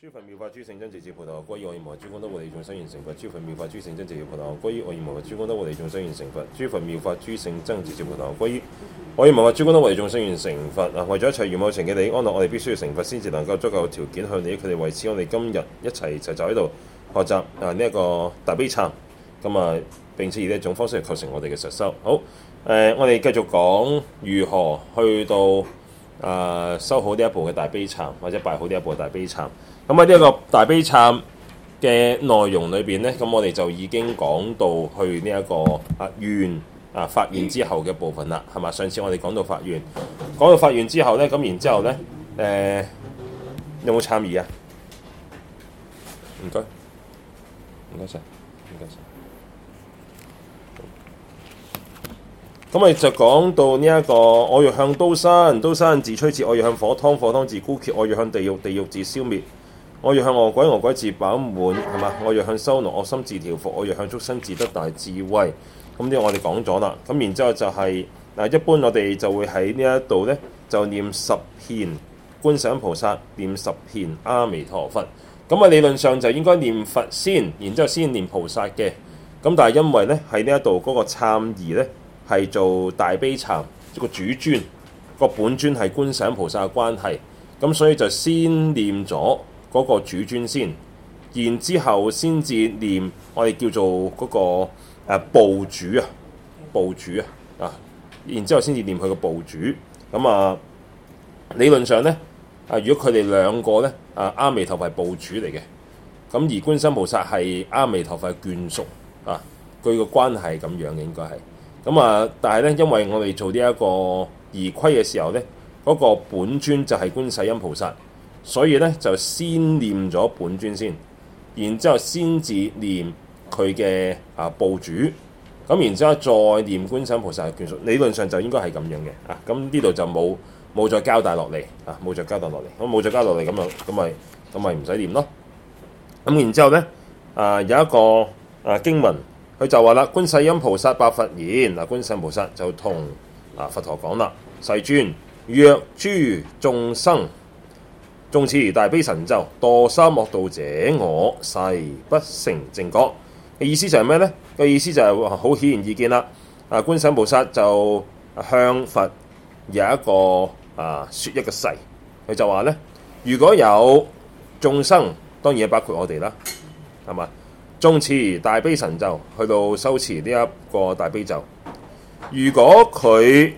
諸佛妙法，諸聖真智，接菩提路歸於愛與無。諸功德為利眾生願成佛。諸佛妙法，諸聖真直接菩提路歸於愛與無。諸功德為利眾生願成佛。諸佛妙法，諸聖真直接菩提歸於愛與無。諸功德為利眾生願成佛。諸佛妙法，諸聖真直接菩提歸於愛與無，諸功德為利眾生願成佛啊，為咗一切如母情嘅利益，安樂，我哋必須要成佛，先至能夠足夠條件去利益。佢哋，為此，我哋今日一齊齊聚喺度學習啊！呢一個大悲懺，咁啊，並且以呢一種方式嚟構成我哋嘅實修。好，誒、呃，我哋繼續講如何去到誒修、呃、好呢一步嘅大悲懺，或者拜好呢一步嘅大悲懺。咁喺呢一個大悲懺嘅內容裏邊呢，咁我哋就已經講到去呢、這、一個啊願啊發願之後嘅部分啦，係嘛？上次我哋講到發願，講到發願之後呢，咁然之後呢？誒有冇參與啊？唔該、啊，唔該晒，唔該晒。咁咪就講到呢、這、一個，我要向刀山，刀山自摧折；我要向火湯，火湯自枯竭；我要向地獄，地獄自消滅。我若向餓鬼，餓鬼自飽滿，係嘛？我若向修羅，惡心自調伏，我若向畜生，自得大智慧。咁呢，我哋講咗啦。咁然之後就係、是、嗱，一般我哋就會喺呢一度咧，就念十遍觀想菩薩，念十遍阿彌陀佛。咁啊，理論上就應該念佛先，然之後先念菩薩嘅。咁但係因為咧，喺呢一度嗰個懺儀咧，係做大悲懺，個、就是、主尊，個本尊係觀想菩薩嘅關係，咁所以就先念咗。嗰個主尊先，然之後先至念我哋叫做嗰個誒部主啊，部主啊，啊，然之後先至念佢個部主。咁啊，理論上咧，啊，如果佢哋兩個咧，啊，阿彌陀佛係部主嚟嘅，咁而觀世音菩薩係阿彌陀佛眷屬啊，佢個關係咁樣嘅應該係。咁啊，但係咧，因為我哋做呢一個儀規嘅時候咧，嗰個本尊就係觀世音菩薩。所以咧就先念咗本尊先，然之後先至念佢嘅啊部主，咁然之後再念觀世音菩薩嘅眷屬。理論上就應該係咁樣嘅啊。咁呢度就冇冇再交代落嚟啊，冇再交代落嚟，咁、啊、冇再交代落嚟咁啊，咁咪咁咪唔使念咯。咁、啊、然之後咧啊有一個啊經文，佢就話啦：觀世音菩薩白佛言，嗱觀世音菩薩就同嗱、啊、佛陀講啦，世尊若諸眾生。眾持而大悲神咒，墮三惡道者我，我誓不成正覺。嘅意思就係咩呢？嘅意思就係好顯然意見啦。啊，觀世菩薩就向佛有一個啊說一個誓，佢就話呢：「如果有眾生，當然包括我哋啦，係嘛？眾持而大悲神咒，去到修持呢一個大悲咒，如果佢。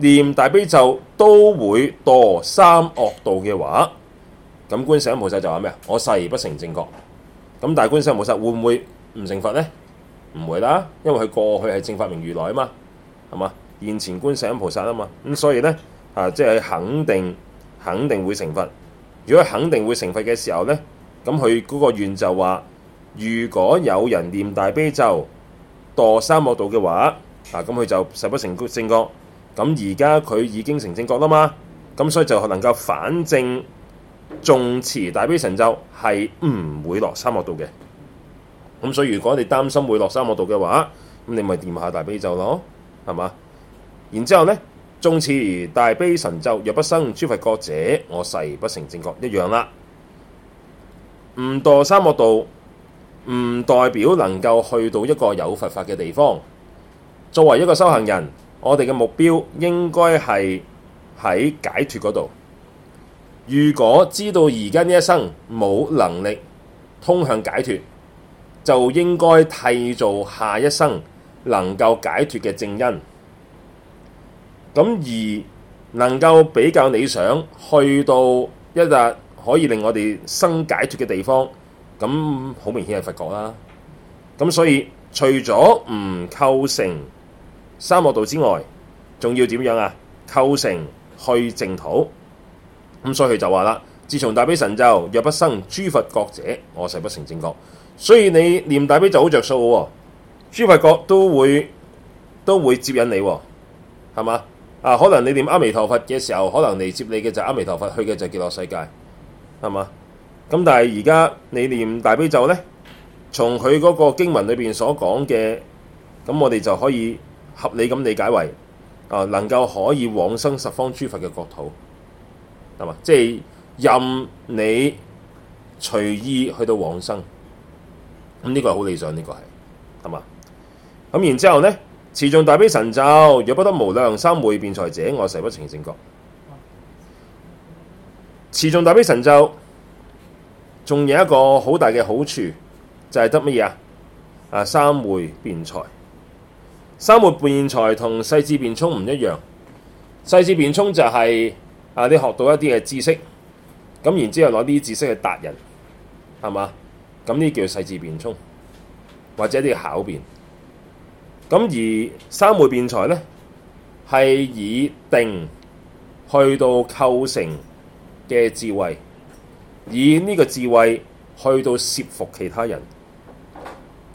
念大悲咒都會墮三惡道嘅話，咁觀世音菩薩就話咩啊？我誓不成正覺。咁大觀世音菩薩會唔會唔成佛呢？唔會啦，因為佢過去係正法明如來啊嘛，係嘛？現前觀世音菩薩啊嘛，咁所以呢，啊，即係肯定肯定會成佛。如果肯定會成佛嘅時候呢，咁佢嗰個願就話：如果有人念大悲咒墮三惡道嘅話，嗱咁佢就誓不成正覺。咁而家佢已經成正覺啦嘛，咁所以就能夠反正，誦持大悲神咒係唔會落三惡道嘅。咁所以如果你擔心會落三惡道嘅話，咁你咪掂下大悲咒咯，係嘛？然之後呢，誦持大悲神咒若不生諸佛國者，我誓不成正覺一樣啦。唔墮三惡道，唔代表能夠去到一個有佛法嘅地方。作為一個修行人。我哋嘅目標應該係喺解脫嗰度。如果知道而家呢一生冇能力通向解脫，就應該締造下一生能夠解脫嘅正因。咁而能夠比較理想，去到一日可以令我哋生解脫嘅地方，咁好明顯係佛國啦。咁所以除咗唔構成三惡道之外，仲要點樣啊？構成去淨土，咁所以佢就話啦：自從大悲神咒若不生諸佛國者，我誓不成正覺。所以你念大悲咒好着數嘅、哦、喎，諸佛國都會都會接引你喎、哦，係嘛？啊，可能你念阿彌陀佛嘅時候，可能嚟接你嘅就阿彌陀佛，去嘅就極樂世界，係嘛？咁但係而家你念大悲咒呢，從佢嗰個經文裏邊所講嘅，咁我哋就可以。合理咁理解為，誒、呃、能夠可以往生十方諸佛嘅國土，係嘛？即係任你隨意去到往生，咁、嗯、呢、呢個係好理想，呢個、是是呢個係，係嘛？咁然之後咧，持誦大悲神咒，若不得無量三昧辯才者，我誓不成正覺。持誦大悲神咒，仲有一個好大嘅好處就係、是、得乜嘢啊？誒，三昧辯才。三昧辯才同世智辯聰唔一樣，世智辯聰就係、是、啊你學到一啲嘅知識，咁然之後攞啲知識去達人，係嘛？咁呢叫世智辯聰，或者啲巧辯。咁而三昧辯才呢，係以定去到構成嘅智慧，以呢個智慧去到攝服其他人，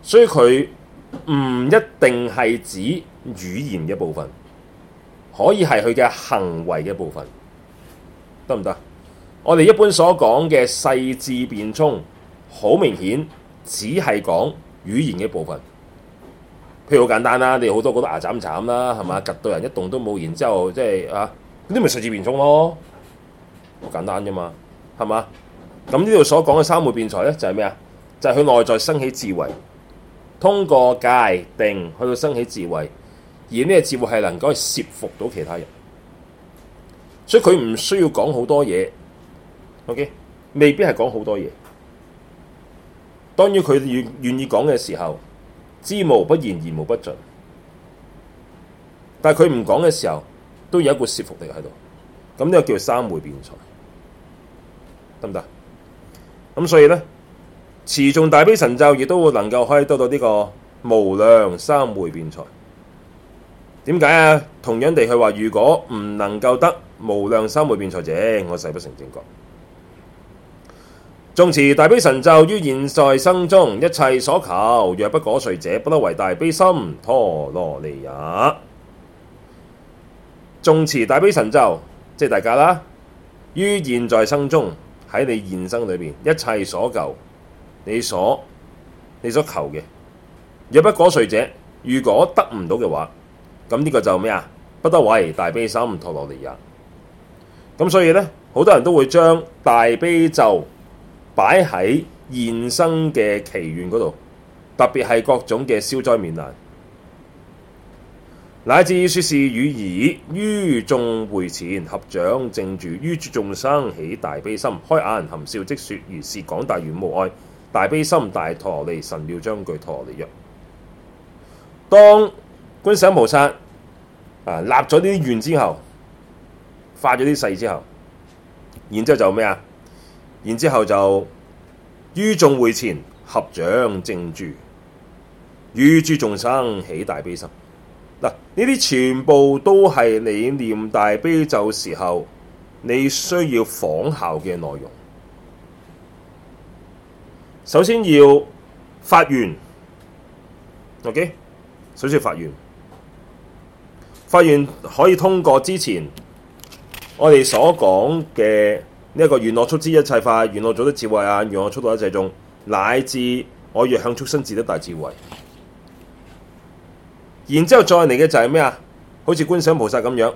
所以佢，唔一定係指語言嘅部分，可以係佢嘅行為嘅部分，得唔得？我哋一般所講嘅細致辯聰，好明顯只係講語言嘅部分。譬如好簡單啦，你好多都覺得牙斬斬啦，係嘛？及到人一動都冇，然之後即係啊，咁啲咪細致辯聰咯，好簡單啫嘛，係嘛？咁呢度所講嘅三昧辯才咧，就係咩啊？就係佢內在生起智慧。通過界定去到生起智慧，而呢個智慧係能夠去攝服到其他人，所以佢唔需要講好多嘢，OK？未必係講好多嘢。當然佢願願意講嘅時候，知無不言，言無不盡。但係佢唔講嘅時候，都有一股攝服力喺度，咁呢個叫做三昧辯才，得唔得？咁所以咧。持誦大悲神咒，亦都會能夠可以得到呢個無量三昧辯才。點解啊？同樣地說，佢話如果唔能夠得無量三昧辯才者，我誓不成正覺。誦持大悲神咒於現在，在生中，一切所求若不果遂者，不得為大悲心陀羅尼也。誦持大悲神咒，即係大家啦。於現在生中，喺你現生裏面一切所求。你所你所求嘅若不果遂者，如果得唔到嘅話，咁呢個就咩啊？不得為大悲心陀羅尼呀！咁所以呢，好多人都會將大悲咒擺喺現生嘅祈願嗰度，特別係各種嘅消災免難，乃至說是語已於眾會前合掌正住，於諸眾生起大悲心，開眼含笑即說，如是廣大圓滿無礙。大悲心大陀利神妙將句陀利約，當觀世音菩薩啊立咗啲願之後，發咗啲誓之後，然之後就咩啊？然之後就於眾會前合掌正住，於諸眾生起大悲心。嗱，呢啲全部都係你念大悲咒時候你需要仿效嘅內容。首先要發願，OK？首先要發願，發願可以通過之前我哋所講嘅呢一個願樂速知一切法、願樂早得智慧啊、願樂速度一切眾，乃至我若向畜生，自得大智慧。然之後再嚟嘅就係咩啊？好似觀想菩薩咁樣。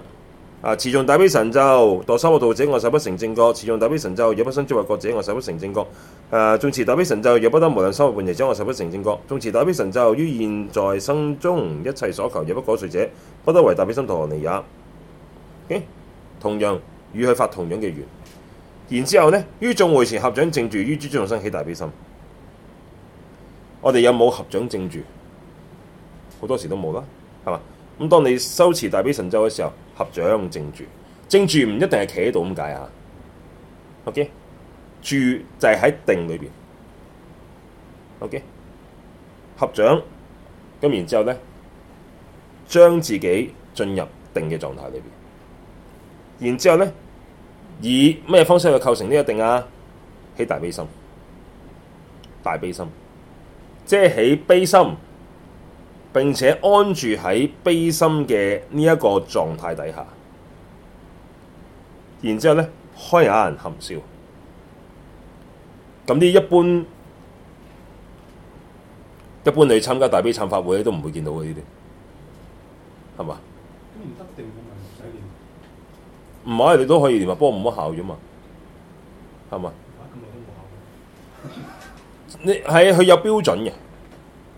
啊、呃！持誦大悲神咒，墮三惡道者，我誓不成正覺；持誦大悲神咒，若不生諸惡國者，我誓不成正覺。誒、呃，誦持大悲神咒，若不得無量三惡伴邪者，我誓不成正覺。誦持大悲神咒，於現在生中一切所求，若不可遂者，不得為大悲心陀羅尼也。Okay? 同樣與佢發同樣嘅願，然之後咧，於眾會前合掌正住，於諸眾生起大悲心。我哋有冇合掌正住？好多時都冇啦，係嘛？咁當你修持大悲神咒嘅時候。合掌咁靜住，靜住唔一定係企喺度咁解啊。OK，住就係喺定裏邊。OK，合掌咁，然之後咧，將自己進入定嘅狀態裏邊。然之後咧，以咩方式去構成呢個定啊？起大悲心，大悲心，即係起悲心。並且安住喺悲心嘅呢一個狀態底下，然之後咧，開眼含笑。咁啲一般一般你參加大悲懺法會都唔會見到嘅呢啲，係嘛？唔得定咪唔係，你都你你可以連埋，不過唔好笑啫嘛，係嘛？你係，佢有標準嘅，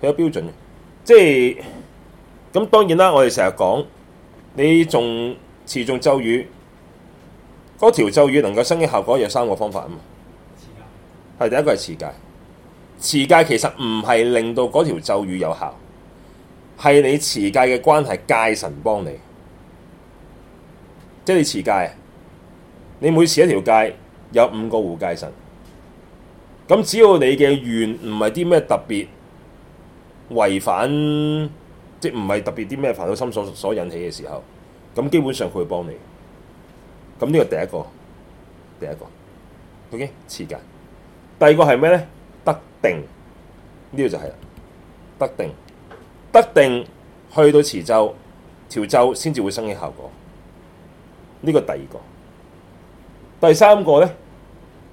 佢有標準嘅。即係咁，當然啦，我哋成日講，你仲持中咒語，嗰條咒語能夠生嘅效果有三個方法啊嘛。係第一個係持戒，持戒其實唔係令到嗰條咒語有效，係你持戒嘅關係，戒神幫你。即係你持戒，你每次一條戒有五個護戒神，咁只要你嘅願唔係啲咩特別。違反即唔係特別啲咩煩惱心所所引起嘅時候，咁基本上佢會幫你。咁呢個係第一個，第一個，OK，持戒。第二個係咩咧？得定，呢個就係啦。得定，得定，去到持咒潮州先至會生起效果。呢個第二個，第三個咧，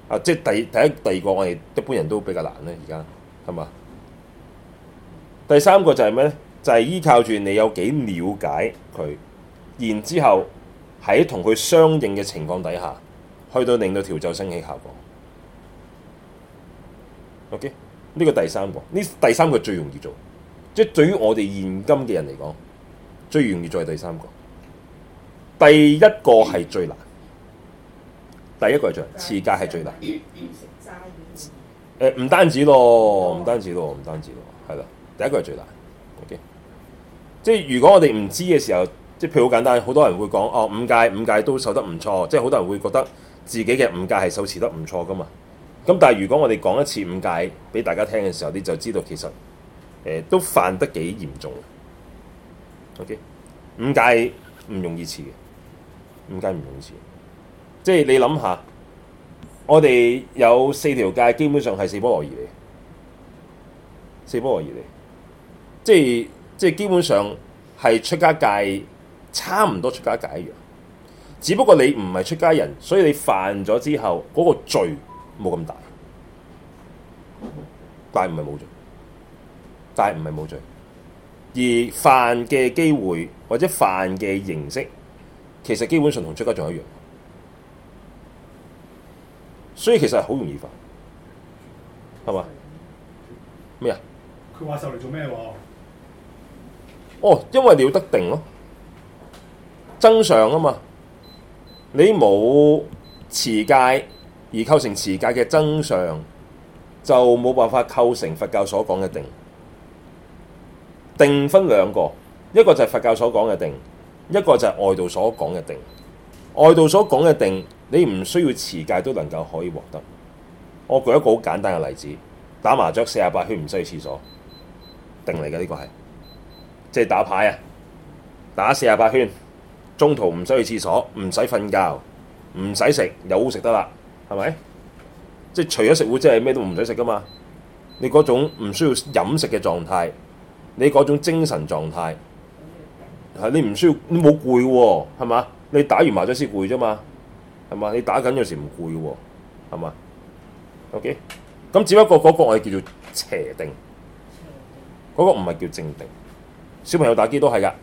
啊，即第第一第二個我哋一般人都比較難咧，而家係嘛？第三個就係咩咧？就係依靠住你有幾了解佢，然之後喺同佢相應嘅情況底下，去到令到調奏升起效果。OK，呢個第三個，呢第三個最容易做。即係對於我哋現今嘅人嚟講，最容易做係第三個。第一個係最難，第一個係最難，刺激係最難。呃，唔單止咯，唔單止咯，唔單止咯。第一個係最大，OK。即係如果我哋唔知嘅時候，即係譬如好簡單，好多人會講哦，五戒五戒都受得唔錯，即係好多人會覺得自己嘅五戒係受持得唔錯㗎嘛。咁但係如果我哋講一次五戒俾大家聽嘅時候，你就知道其實誒、呃、都犯得幾嚴重。OK，五戒唔容易持嘅，五戒唔容易持。即係你諗下，我哋有四條戒，基本上係四波羅夷嚟，四波羅夷嚟。即係，即係基本上係出家界差唔多出家界一樣，只不過你唔係出家人，所以你犯咗之後嗰個罪冇咁大，但係唔係冇罪，但係唔係冇罪，而犯嘅機會或者犯嘅形式，其實基本上同出家仲一樣，所以其實係好容易犯，係嘛？咩啊？佢話就嚟做咩喎？哦，因為你要得定咯，增上啊嘛，你冇持戒而構成持戒嘅增上，就冇辦法構成佛教所講嘅定。定分兩個，一個就係佛教所講嘅定，一個就係外道所講嘅定。外道所講嘅定，你唔需要持戒都能夠可以獲得。我舉一個好簡單嘅例子，打麻雀四十八圈唔需要去廁所，定嚟嘅呢個係。即係打牌啊！打四十八圈，中途唔使去廁所，唔使瞓覺，唔使食又好食得啦，係咪？即係除咗食會，即係咩都唔使食噶嘛。你嗰種唔需要飲食嘅狀態，你嗰種精神狀態係你唔需要，你冇攰喎，係嘛？你打完麻雀先攰啫嘛，係嘛？你打緊有時唔攰喎，係嘛？OK，咁只不過嗰個我哋叫做邪定，嗰個唔係叫正定。小朋友打機都係噶，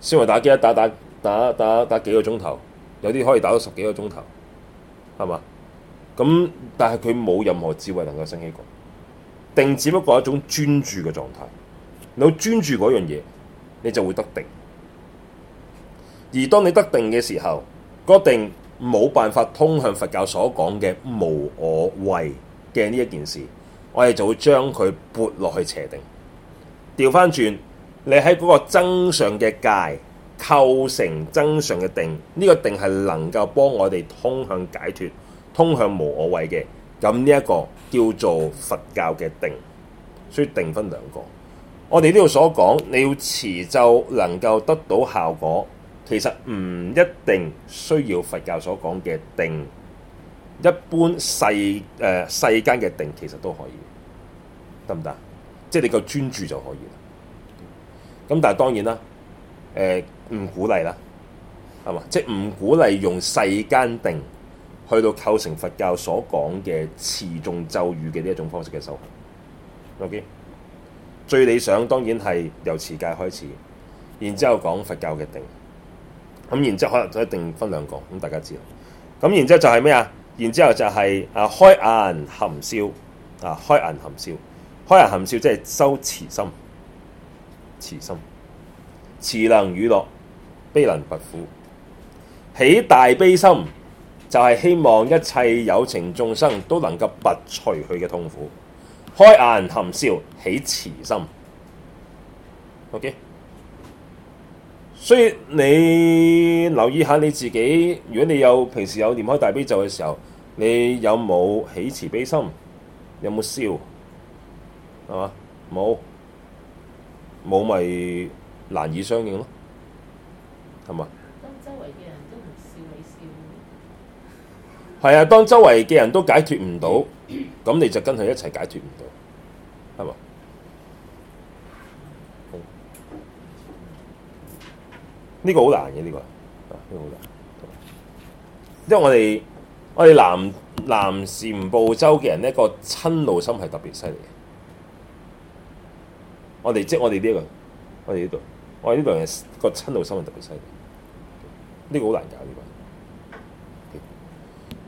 小朋友打機一打打打打打，打幾個鐘頭，有啲可以打到十幾個鐘頭，係嘛？咁但係佢冇任何智慧能夠升起過，定只不過係一種專注嘅狀態。你專注嗰樣嘢，你就會得定。而當你得定嘅時候，個定冇辦法通向佛教所講嘅無我慧嘅呢一件事，我哋就會將佢撥落去邪定，調返轉。你喺嗰個增上嘅界構成增上嘅定，呢、這個定係能夠幫我哋通向解脱、通向無我位嘅。咁呢一個叫做佛教嘅定。所以定分兩個。我哋呢度所講，你要持咒能夠得到效果，其實唔一定需要佛教所講嘅定。一般世誒、呃、世間嘅定其實都可以，得唔得？即係你夠專注就可以。咁但係當然啦，誒、呃、唔鼓勵啦，係嘛？即係唔鼓勵用世間定去到構成佛教所講嘅持誦咒語嘅呢一種方式嘅修行。OK，最理想當然係由持戒開始，然之後講佛教嘅定。咁然之後可能就一定分兩個，咁大家知啦。咁然之後就係咩、就是、啊？然之後就係啊開眼含笑，啊開眼含笑，開眼含笑即係修慈心。慈心，慈能與樂，悲能拔苦。起大悲心，就係、是、希望一切有情眾生都能夠拔除佢嘅痛苦。開眼含笑，起慈心。OK，所以你留意下你自己，如果你有平時有念開大悲咒嘅時候，你有冇起慈悲心？有冇笑？係嘛？冇。冇咪難以相應咯，係嘛？當周圍嘅人都唔笑，你笑你？係啊，當周圍嘅人都解決唔到，咁你就跟佢一齊解決唔到，係嘛？呢個好難嘅呢個，啊呢個好難，因為我哋我哋南南贍部洲嘅人咧，個瞋怒心係特別犀利嘅。我哋即我哋呢一個，我哋呢度，我哋呢度嘅個,個人瞋怒心係特別犀利，呢、這個好難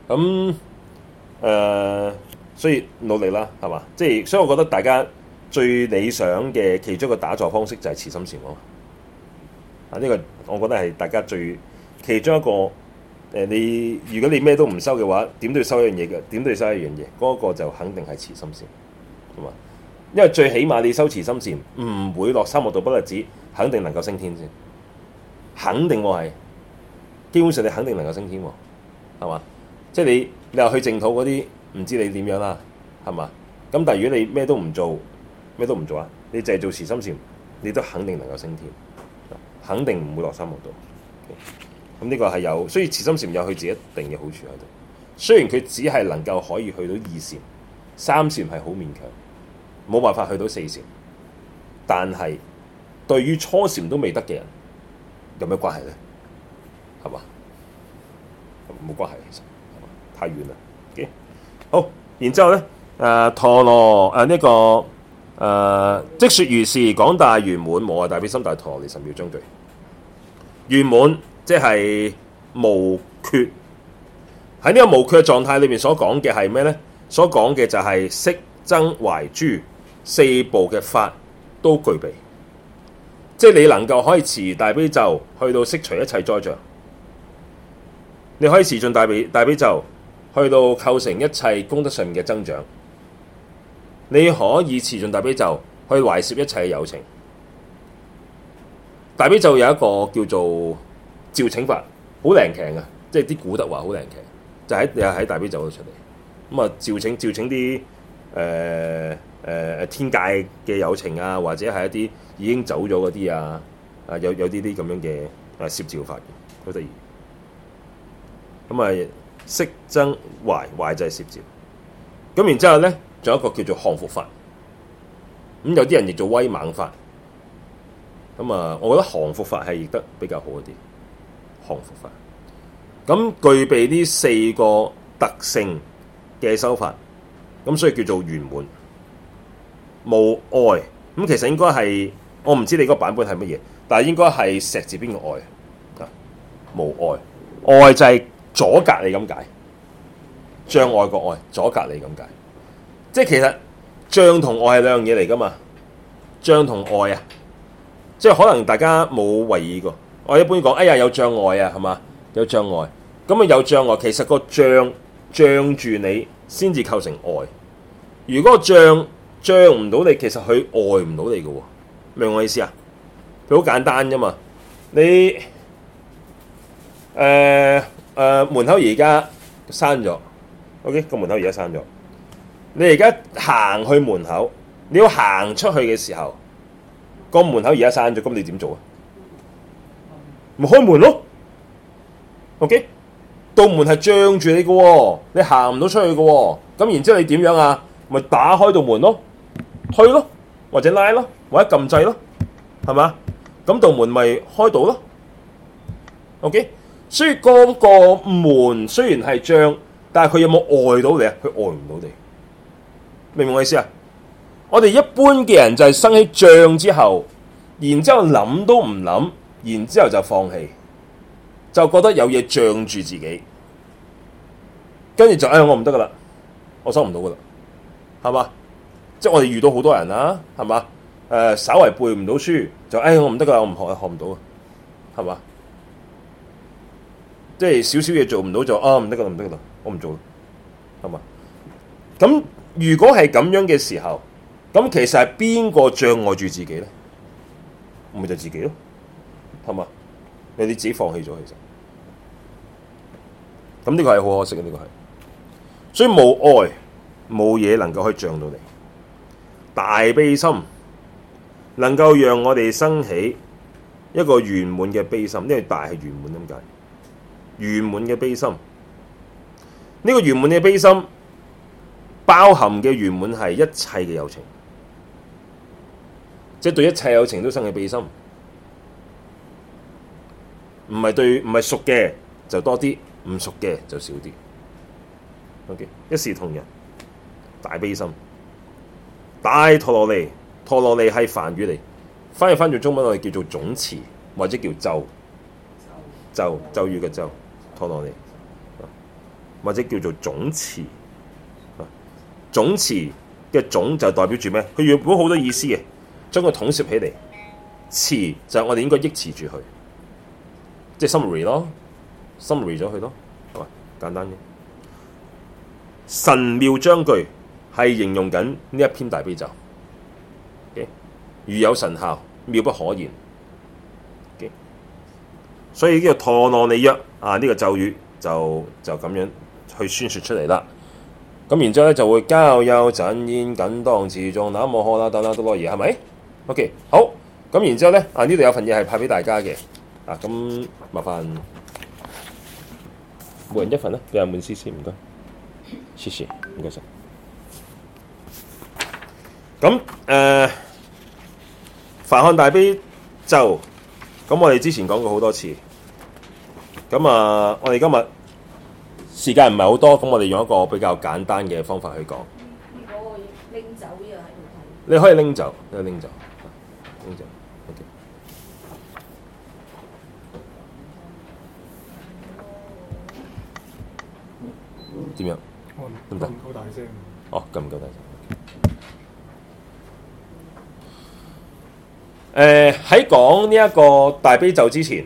搞呢、這個。咁、嗯、誒、呃，所以努力啦，係嘛？即係所以，我覺得大家最理想嘅其中一個打坐方式就係慈心禪囉。啊，呢、這個我覺得係大家最其中一個誒、呃，你如果你咩都唔收嘅話，點都要收一樣嘢嘅，點都要收一樣嘢，嗰、那個就肯定係慈心禪，同埋。因為最起碼你修慈心禪，唔會落三惡道，不特止，肯定能夠升天先，肯定喎係。基本上你肯定能夠升天，係嘛？即係你你話去淨土嗰啲，唔知你點樣啦，係嘛？咁但係如果你咩都唔做，咩都唔做啦，你淨係做慈心禪，你都肯定能夠升天，肯定唔會落三惡道。咁、okay? 呢個係有，所以慈心禪有佢自己一定嘅好處喺度。雖然佢只係能夠可以去到二禪，三禪係好勉強。冇辦法去到四禪，但係對於初禪都未得嘅人，有咩關係呢？係嘛？冇關係，其實太遠啦。好，然之後咧，誒、啊、陀羅誒呢個即説、啊、如是廣大圓滿，無礙大悲心大陀羅尼十秒鐘對圓滿，即係無缺。喺呢個無缺嘅狀態裏面所的，所講嘅係咩咧？所講嘅就係色增懷珠。四步嘅法都具備，即係你能夠可以持大悲咒，去到息除一切災障；你可以持盡大悲大悲咒，去到構成一切功德上面嘅增長。你可以持盡大悲咒，去懷攝一切嘅有情。大悲咒有一個叫做召請法，好靈奇嘅，即係啲古德話好靈奇，就喺喺大悲咒度出嚟咁啊！召請召請啲誒。呃誒、呃、天界嘅友情啊，或者係一啲已經走咗嗰啲啊，啊有有啲啲咁樣嘅、啊、攝召法，好得意。咁啊，息增懷，懷就係攝召。咁然之後咧，仲有一個叫做降伏法。咁有啲人叫做威猛法。咁啊，我覺得降伏法係亦得比較好一啲。降伏法。咁具備呢四個特性嘅修法，咁所以叫做圓滿。冇愛咁，其實應該係，我唔知你嗰個版本係乜嘢，但係應該係石字邊個愛啊。冇愛，愛就係阻隔你咁解，障礙個愛阻隔你咁解，即係其實障同愛係兩樣嘢嚟噶嘛？障同愛啊，即係可能大家冇為意過。我一般講哎呀有障礙啊，係咪有障礙？咁啊有障礙。其實個障障住你先至構成愛，如果個障障唔到你，其實佢礙唔到你嘅，明我意思啊？佢好簡單啫嘛。你誒誒、呃呃、門口而家閂咗，OK，個門口而家閂咗。你而家行去門口，你要行出去嘅時候，個門口而家閂咗，咁你點做啊？咪開門咯。OK，道門係障住你嘅，你行唔到出去嘅，咁然之後你點樣啊？咪打開道門咯。去咯，或者拉咯，或者撳掣咯，係嘛？咁道門咪開到咯。OK，所以個個門雖然係脹，但係佢有冇礙到你啊？佢礙唔到你，明唔明我意思啊？我哋一般嘅人就係生起脹之後，然之後諗都唔諗，然之後就放棄，就覺得有嘢脹住自己，跟住就唉、哎，我唔得噶啦，我收唔到噶啦，係嘛？即係我哋遇到好多人啦，係嘛？誒、呃，稍為背唔到書就誒、哎，我唔得噶，我唔學，我學小小啊，學唔到啊，係嘛？即係少少嘢做唔到就啊，唔得噶，唔得噶，我唔做啦，係嘛？咁如果係咁樣嘅時候，咁其實係邊個障礙住自己咧？咪就自己咯，係嘛？你哋自己放棄咗，其實咁呢個係好可惜嘅，呢、這個係所以冇愛冇嘢能夠可以障到你。大悲心能夠讓我哋生起一個圓滿嘅悲心，呢個大係圓滿咁解。圓滿嘅悲心，呢個圓滿嘅悲心包含嘅圓滿係一切嘅友情，即係對一切友情都生起悲心，唔係對唔係熟嘅就多啲，唔熟嘅就少啲，ok 一視同仁，大悲心。大陀羅尼，陀羅尼係梵語嚟，翻譯翻做中文我哋叫做總持，或者叫咒，咒咒語嘅咒，陀羅尼，或者叫做總持。總持嘅總就代表住咩？佢原本好多意思嘅，將佢統攝起嚟，持就係我哋應該憶持住佢，即係 summary 咯，summary 咗佢咯，係嘛，簡單嘅神妙章句。係形容緊呢一篇大悲咒，okay? 如有神效，妙不可言。Okay? 所以叫做陀羅尼約啊，呢、這個咒語就就咁樣去宣説出嚟啦。咁然之後咧就會交友振現，緊當自重、嗱，望開啦，等啦，都多嘢，係咪？OK，好。咁然之後咧啊，呢度有份嘢係派俾大家嘅啊，咁麻煩每人一份啦，兩滿 C 思，唔該，C C，唔該曬。謝謝謝謝咁誒、呃，梵漢大悲咒，咁我哋之前講過好多次。咁啊，我哋今日時間唔係好多，咁我哋用一個比較簡單嘅方法去講。你可以拎走，你拎走，拎走。okay。嗯嗯。點樣？得唔得？好大聲。哦，夠唔夠大聲？誒，喺講呢一個大悲咒之前，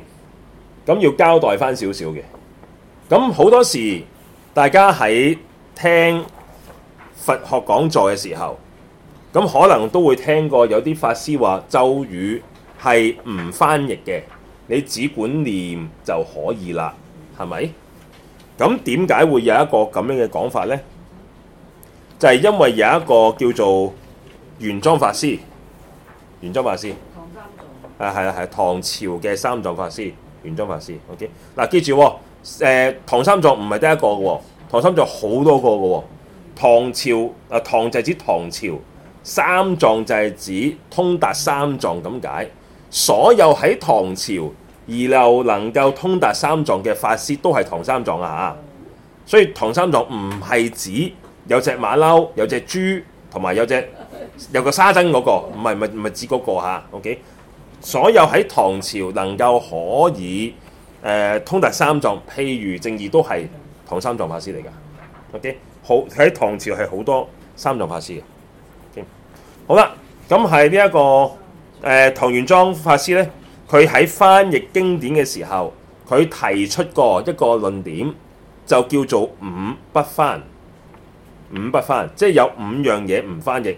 咁要交代返少少嘅。咁好多時，大家喺聽佛學講座嘅時候，咁可能都會聽過有啲法師話咒語係唔翻譯嘅，你只管念就可以啦，係咪？咁點解會有一個咁樣嘅講法呢？就係因為有一個叫做原裝法師，原裝法師。啊，係啊，係唐朝嘅三藏法師、玄奘法師，OK？嗱、啊，記住、哦，誒，唐三藏唔係得一個嘅、哦，唐三藏好多個嘅、哦。唐朝啊，唐就係指唐朝，三藏就係指通達三藏咁解。所有喺唐朝而又能夠通達三藏嘅法師，都係唐三藏的啊！吓，所以唐三藏唔係指有隻馬騮、有隻豬同埋有隻有，有個沙僧嗰、嗰個，唔係唔係唔係指嗰個吓、啊，OK？所有喺唐朝能夠可以誒、呃、通達三藏，譬如正義都係唐三藏法師嚟噶，OK？好喺唐朝係好多三藏法師嘅，OK？好啦，咁係呢一個誒、呃、唐玄奘法師咧，佢喺翻譯經典嘅時候，佢提出過一個論點，就叫做五不翻，五不翻，即係有五樣嘢唔翻譯。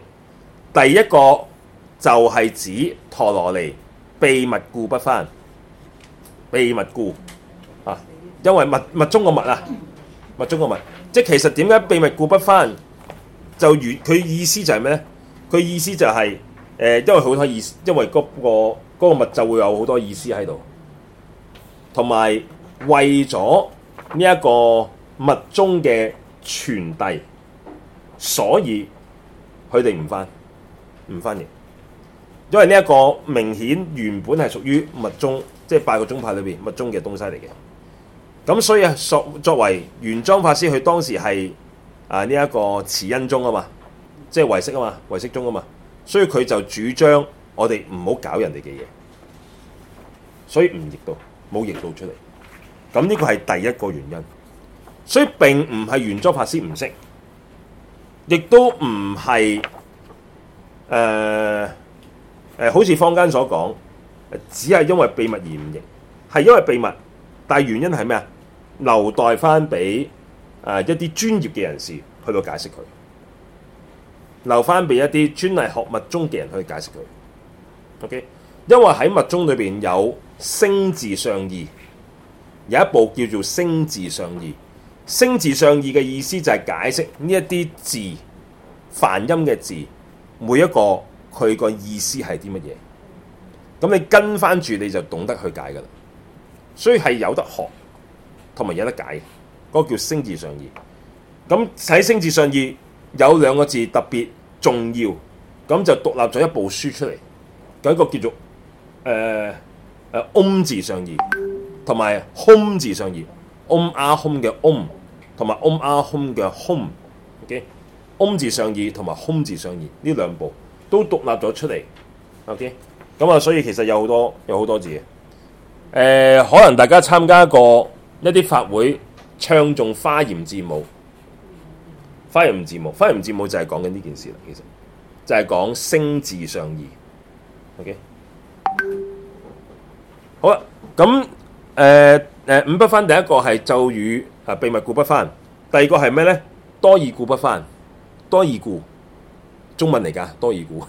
第一個就係指陀羅尼。秘密故不翻，秘密故啊，因為密密中個密啊，密中個密，即係其實點解秘密故不翻？就如佢意思就係咩咧？佢意思就係、是、誒、呃，因為好多意，思，因為嗰、那個、那個密就會有好多意思喺度，同埋為咗呢一個密中嘅傳遞，所以佢哋唔翻，唔翻譯。因為呢一個明顯原本係屬於密宗，即係八個宗派裏邊密宗嘅東西嚟嘅。咁所以啊，作作為玄奘法師，佢當時係啊呢一、這個慈恩宗啊嘛，即係唯識啊嘛，唯識宗啊嘛，所以佢就主張我哋唔好搞人哋嘅嘢，所以唔譯到，冇譯到出嚟。咁呢個係第一個原因。所以並唔係玄奘法師唔識，亦都唔係誒。呃誒好似坊間所講，只係因為秘密而唔認，係因為秘密，但係原因係咩啊？留待翻俾誒一啲專業嘅人士去到解釋佢，留翻俾一啲專係學密宗嘅人去解釋佢。OK，因為喺密宗裏邊有聲字上義，有一部叫做聲字上義。聲字上義嘅意思就係解釋呢一啲字、梵音嘅字每一個。佢個意思係啲乜嘢？咁你跟翻住，你就懂得去解㗎喇。所以係有得學同埋有，有得解，嗰、那個叫聲字上義。咁睇聲字上義有兩個字特別重要，咁就獨立咗一部書出嚟，有、那、一個叫做誒誒、呃呃哦、字上義同埋空字上義。Om 阿空嘅 Om 同埋 Om 阿空嘅空。O K Om 字上義同埋空字上義呢兩部。都獨立咗出嚟，OK，咁啊，所以其實有好多有好多字嘅，呃，可能大家參加過一一啲法會，唱誦華嚴字母。華嚴字母，華嚴字母就係講緊呢件事啦，其實就係講聲字上義，OK，好啦，咁誒誒，五不翻，第一個係咒語啊，秘密故不翻，第二個係咩呢？多義，多義故不翻，多義故。中文嚟噶，多義故，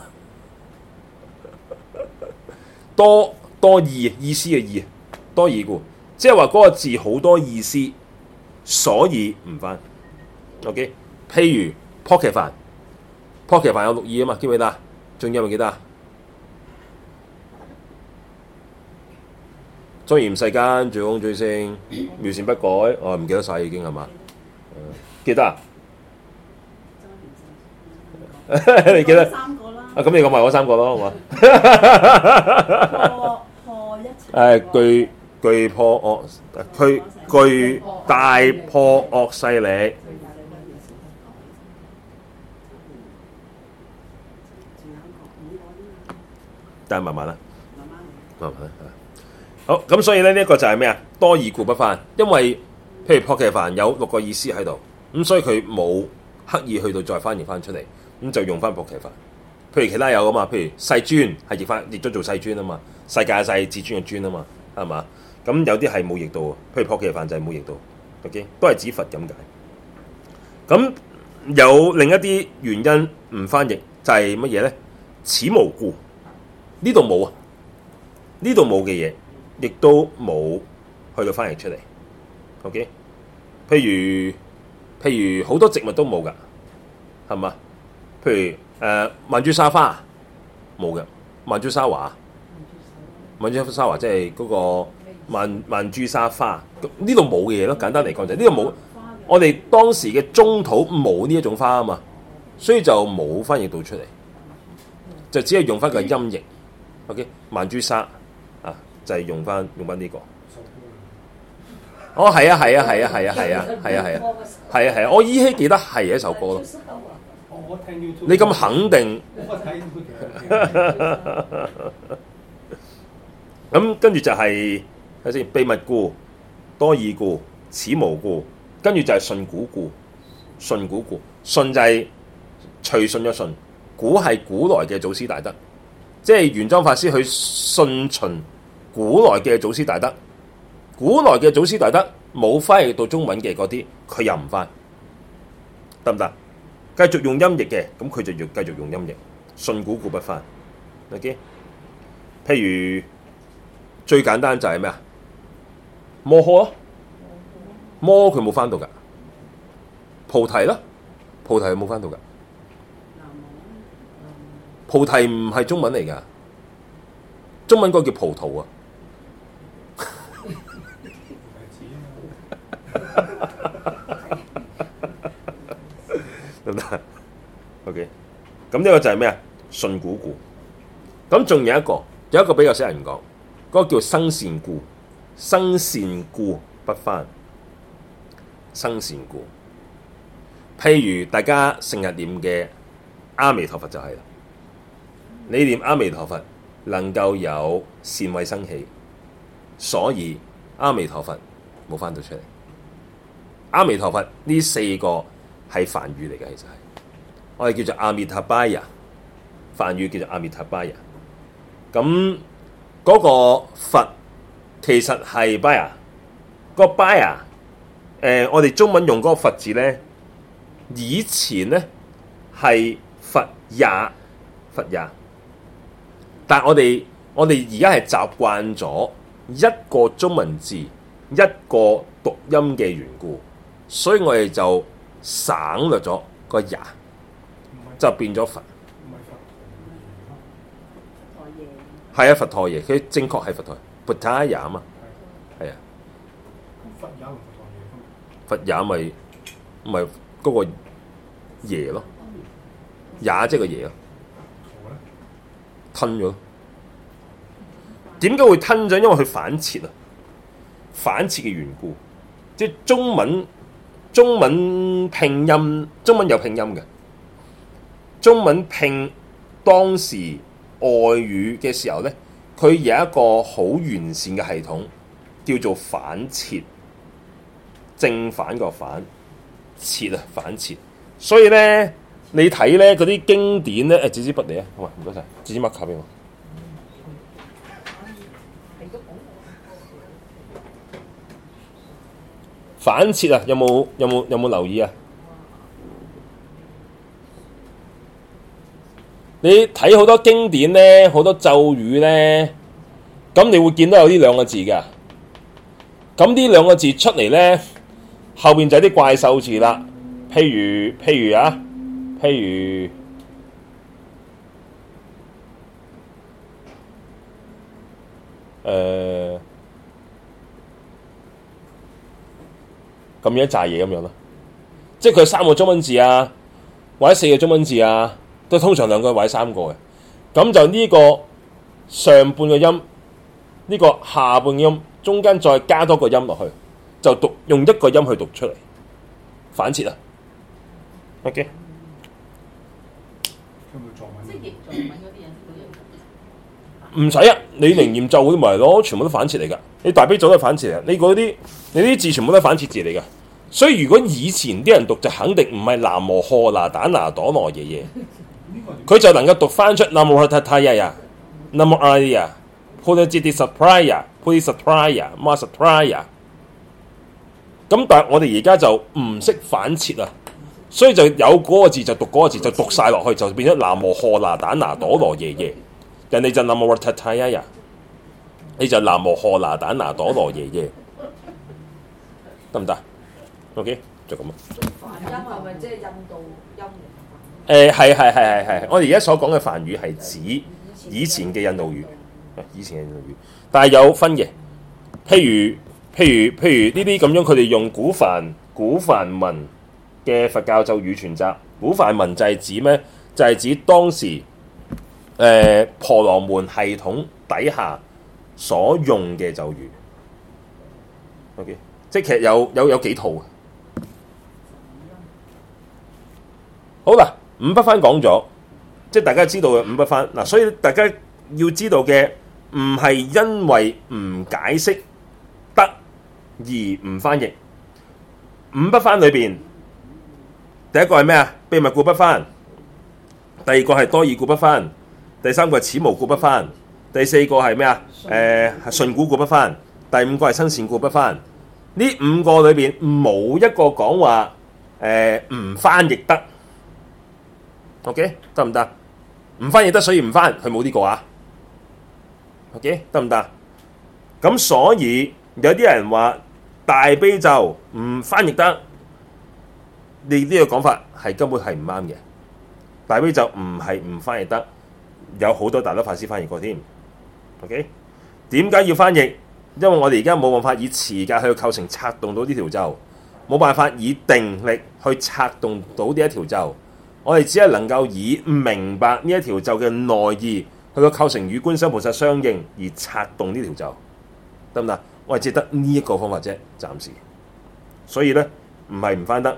多多義意思嘅義，多義故，即係話嗰個字好多意思，所以唔翻。OK，譬如薄伽梵，薄伽梵有六義啊嘛，記唔記得？仲記唔記得啊？忠言世間最公最聖，妙善不改。我唔記得晒已經係嘛？記得啊？ 你記得三個啦。啊，咁你講埋嗰三個咯，好嘛？破、哎、巨巨破惡，佢巨,巨,巨大破惡勢力。但係慢慢啦，慢慢啦，好咁。所以咧，呢、呢個就係咩啊？多而故不翻，因為譬如薄伽梵有六個意思喺度，咁所以佢冇刻意去到再翻譯翻出嚟。咁就用翻薄伽梵，譬如其他有啊嘛，譬如世尊係譯翻譯咗做世尊啊嘛，世界嘅世，至尊嘅尊啊嘛，係嘛？咁有啲係冇譯到，譬如薄伽梵就係冇譯到。OK，都係指佛咁解。咁有另一啲原因唔翻譯就係乜嘢咧？此無故，呢度冇啊，呢度冇嘅嘢，亦都冇去到翻譯出嚟。OK，譬如譬如好多植物都冇噶，係嘛？譬如誒、呃、曼珠沙花冇嘅曼珠沙華，曼珠沙華即係嗰個曼珠沙花，呢度冇嘅嘢咯。簡單嚟講就係呢度冇，我哋當時嘅中土冇呢一種花啊嘛，所以就冇翻譯到出嚟，就只係用翻個音譯。O K，曼珠沙啊，就係、是、用翻用翻呢、這個、嗯。哦，係啊，係啊，係啊，係啊，係啊，係啊，係啊，係啊，我依稀記得係一首歌咯。你咁肯定？咁 跟住就係睇先，秘密故多義故，此無故，跟住就係信古故，信古故，信就係、是、隨信咗信，古係古來嘅祖師大德，即係玄奘法師去信秦古來嘅祖師大德，古來嘅祖師大德冇翻譯到中文嘅嗰啲，佢又唔翻，得唔得？繼續用音譯嘅，咁佢就要繼續用音譯，順古故不翻。嚟嘅，譬如最簡單就係咩啊？摩訶咯，摩佢冇翻到噶，菩提咯、啊，菩提佢冇翻到噶。菩提唔係中文嚟噶，中文嗰個叫葡萄啊。 得 啦，OK，咁呢個就係咩啊？信古故。咁仲有一個，有一個比較少人講，嗰、嗰個叫生善故，生善故不翻。生善故，譬如大家成日念嘅阿彌陀佛就係啦，你念阿彌陀佛能夠有善慧生起，所以阿彌陀佛冇翻到出嚟，阿彌陀佛呢四個。係梵語嚟嘅，其實係我哋叫做阿彌塔巴呀。梵語叫做阿彌塔巴呀。咁嗰、那個佛其實係巴呀。個巴呀，誒，我哋中文用嗰個佛字咧，以前咧係佛也佛也，但係我哋我哋而家係習慣咗一個中文字一個讀音嘅緣故，所以我哋就，省略咗個也，就變咗佛。係啊，佛陀耶，佢正確係佛陀，Buddha 也嘛，係啊。佛也咪咪嗰個也咯，也即係個也咯，吞咗。點解會吞咗？因為佢反切啊，反切嘅緣故。即係中文。中文拼音，中文有拼音嘅。中文拼當時外語嘅時候咧，佢有一個好完善嘅系統，叫做反切。正反個反切啊，反切。所以咧，你睇咧嗰啲經典咧，誒、哎，紙紙筆嚟啊，好嘛，唔該晒，紙紙筆攞俾我。反切啊，有冇有冇有冇留意啊？你睇好多經典呢，好多咒語呢，咁你會見到有呢兩個字嘅。咁呢兩個字出嚟呢，後面就係啲怪獸字啦。譬如譬如啊，譬如誒。呃咁樣一紮嘢咁樣咯，即係佢三個中文字啊，或者四個中文字啊，都通常兩個或者三個嘅。咁就呢個上半個音，呢個下半個音，中間再加多個音落去，就讀用一個音去讀出嚟，反切啊。OK。唔使啊！你靈驗就會咪囉，全部都反切嚟㗎。你大悲咒都係反切嚟，你嗰啲你啲字全部都係反切字嚟㗎。所以如果以前啲人讀就肯定唔係南無喝拿蛋拿朵羅爺爺，佢 就能夠讀返出南無阿提耶呀、南無阿耶呀、普多揭帝薩婆耶、普薩婆耶、摩薩婆耶。咁但係我哋而家就唔識反切啊，所以就有嗰個字就讀嗰個字就讀晒落去，就變咗南無喝拿蛋拿朵羅爺爺。人哋你就南無塔塔耶耶，你就南無荷拿丹拿朵羅耶耶，得唔得？OK，就咁啊。梵音係咪即係印度音？誒、欸，係係係係係，我哋而家所講嘅梵語係指以前嘅印度語，以前嘅印度語，但係有分嘅。譬如譬如譬如呢啲咁樣，佢哋用古梵古梵文嘅佛教咒語全集，古梵文就係指咩？就係、是、指當時。誒、呃、婆羅門系統底下所用嘅咒語，OK，即係其實有有有幾套嘅。好啦，五不翻講咗，即係大家知道嘅五不翻。嗱、啊，所以大家要知道嘅唔係因為唔解釋得而唔翻譯。五不翻裏面，第一個係咩啊？秘密故不翻，第二個係多義故不翻。第三個係此無故不翻，第四個係咩啊？誒係順古故不翻，第五個係生善故不翻。呢五個裏邊冇一個講話誒唔翻亦得。OK，得唔得？唔翻亦得，所以唔翻，佢冇呢個啊。OK，得唔得？咁所以有啲人話大悲咒唔翻亦得，你呢個講法係根本係唔啱嘅。大悲咒唔係唔翻亦得。有好多大德法師翻譯過添，OK？點解要翻譯？因為我哋而家冇辦法以持戒去構成策動到呢條咒，冇辦法以定力去策動到呢一條咒。我哋只係能夠以明白呢一條咒嘅內意，去到構成與觀音菩薩相應而策動呢條咒，得唔得？我係只得呢一個方法啫，暫時。所以呢，唔係唔翻得，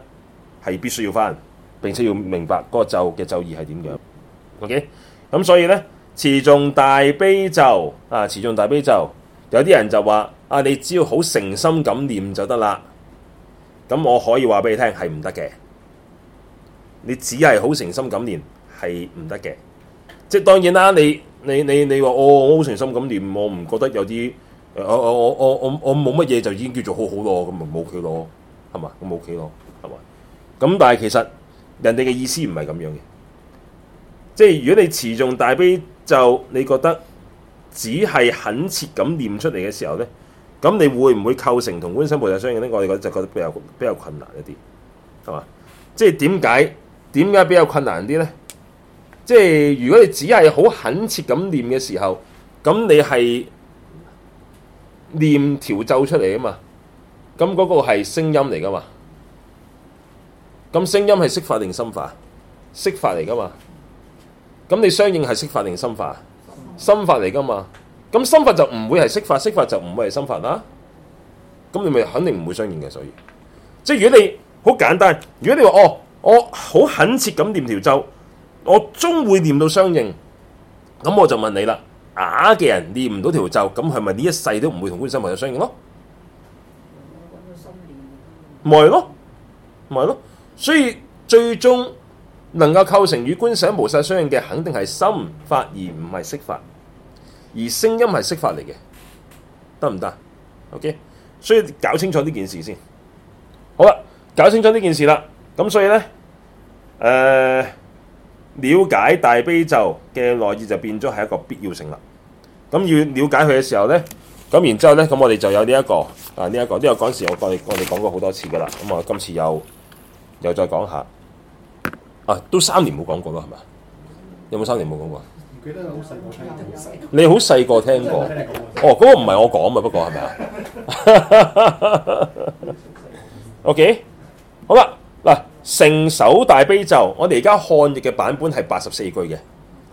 係必須要翻，並且要明白嗰個咒嘅咒義係點樣，OK？咁所以咧，持重大悲咒啊，持重大悲咒，有啲人就話啊，你只要好誠心咁念就得啦。咁我可以話俾你聽係唔得嘅，你只係好誠心咁念係唔得嘅。即係當然啦，你你你你話哦，我好誠心咁念，我唔覺得有啲、呃、我我我我我我冇乜嘢就已經叫做好好咯，咁咪冇佢咯，係嘛，咁冇企咯，係嘛。咁但係其實人哋嘅意思唔係咁樣嘅。即係如果你持誦大悲咒，你覺得只係懇切咁念出嚟嘅時候咧，咁你會唔會構成同觀音菩薩相應咧？我哋覺得就覺得比較比較困難一啲，係嘛？即係點解點解比較困難啲咧？即係如果你只係好懇切咁念嘅時候，咁你係念調奏出嚟啊嘛？咁嗰個係聲音嚟噶嘛？咁聲音係色法定係心法，色法嚟噶嘛？咁你相應係釋法定心法，心法嚟㗎嘛？咁心法就唔會係釋法，釋法就唔會係心法啦。咁你咪肯定唔會相應嘅，所以即係如果你好簡單，如果你話哦，我好懇切咁念條咒，我終會念到相應。咁我就問你啦，啞、啊、嘅人念唔到條咒，咁係咪呢一世都唔會同觀世音菩薩相應咯？唔、嗯、係、嗯嗯、咯，咪係咯，所以最終，能夠構成與觀想模式相應嘅，肯定係心法，而唔係色法，而聲音係色法嚟嘅，得唔得？OK，所以搞清楚呢件事先。好啦，搞清楚呢件事啦，咁所以呢，誒、呃，了解大悲咒嘅內意就變咗係一個必要性啦。咁要了解佢嘅時候呢，咁然之後呢，咁我哋就有呢、這、一個啊，呢、這、一個呢、這個嗰陣時我我哋講過好多次噶啦，咁我今次又又再講下。啊，都三年冇講過啦，係咪？有冇三年冇講過？唔記得，好細個，你好細個聽過，哦，嗰、那個唔係我講嘅，不過係咪啊？OK，好啦，嗱，《成首大悲咒》，我哋而家漢譯嘅版本係八十四句嘅，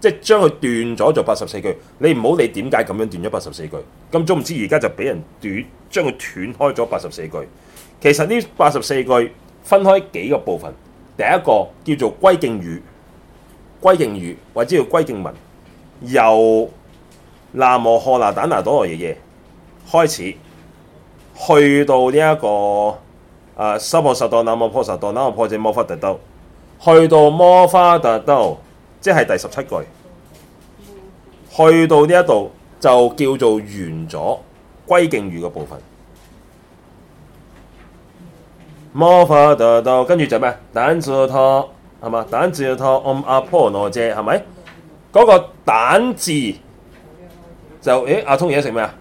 即、就、係、是、將佢斷咗做八十四句。你唔好理點解咁樣斷咗八十四句？咁總唔知而家就俾人斷，將佢斷開咗八十四句。其實呢八十四句分開幾個部分。第一個叫做歸敬語，歸敬語或者叫歸敬文，由南無喝囉怛那哆囉夜耶開始，去到呢、這、一個啊，薩婆薩哆那摩婆薩哆那摩婆伽摩罰特豆，去到摩罰特豆，即係第十七句，去到呢一度就叫做完咗歸敬語嘅部分。魔法得到，跟住就咩蛋字他係嘛？蛋字他唵阿婆攞借係咪？嗰、那個蛋字就誒阿通而家食咩啊？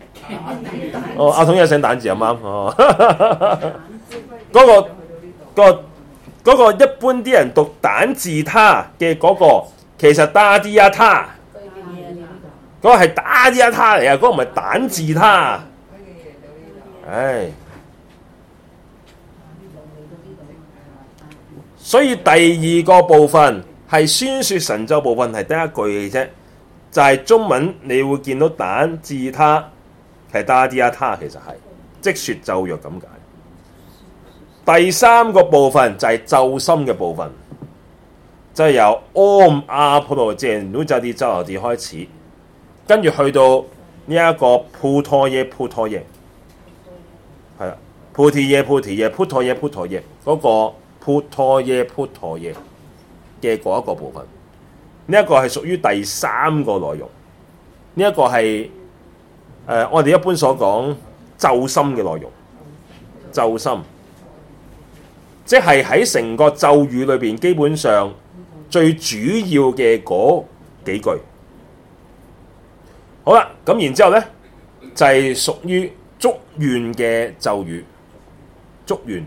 哦阿通而家食蛋字又啱哦。嗰、啊嗯哦 那個嗰、那個那個一般啲人讀蛋字他嘅嗰、那個，其實打字阿他，嗰、那個係打字阿他嚟啊，嗰、那個唔係蛋字他。唉、哎。所以第二個部分係宣説神咒部分，係得一句嘅啫，就係、是、中文你會見到蛋字他係打字阿他，其實係即説咒曰咁解。第三個部分就係、是、咒心嘅部分，就係、是、由 om 啊嗰度借到咒字咒字開始，跟住去到呢、這、一個菩馱耶菩馱耶，係啦菩提耶菩提耶菩馱耶菩馱耶嗰、那個。菩提耶菩提耶嘅嗰一個部分，呢一個係屬於第三個內容個，呢一個係誒我哋一般所講咒心嘅內容，咒心，即係喺成個咒語裏邊基本上最主要嘅嗰幾句好。好啦，咁然之後呢，就係、是、屬於祝願嘅咒語，祝願。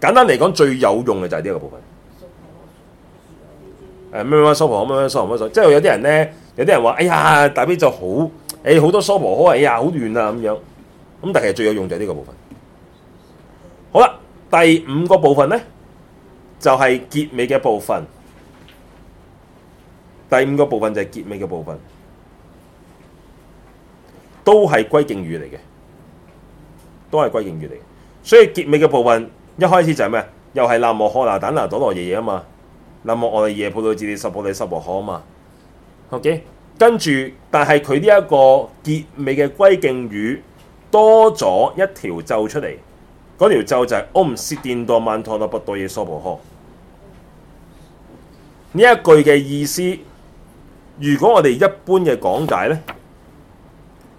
簡單嚟講，最有用嘅就係呢個部分。誒咩咩蘇婆，咩咩 so 婆即係有啲人咧，有啲人話：哎呀，大 B 就好，誒、哎、好多蘇婆好、哎，好哎呀好亂啊咁樣。咁但係其實最有用就係呢個部分。好啦，第五個部分咧，就係、是、結尾嘅部分。第五個部分就係結尾嘅部分，都係歸敬語嚟嘅，都係歸敬語嚟，所以結尾嘅部分。一開始就係咩？又係南無可拿等拿朵羅夜夜啊嘛！南無我哋夜普多至地娑婆你娑婆呵啊嘛。O.K. 跟住，但係佢呢一個結尾嘅歸敬語多咗一條咒出嚟。嗰條咒就係唵攝電度曼陀羅不多耶娑婆呵。呢、嗯、一句嘅意思，如果我哋一般嘅講解咧，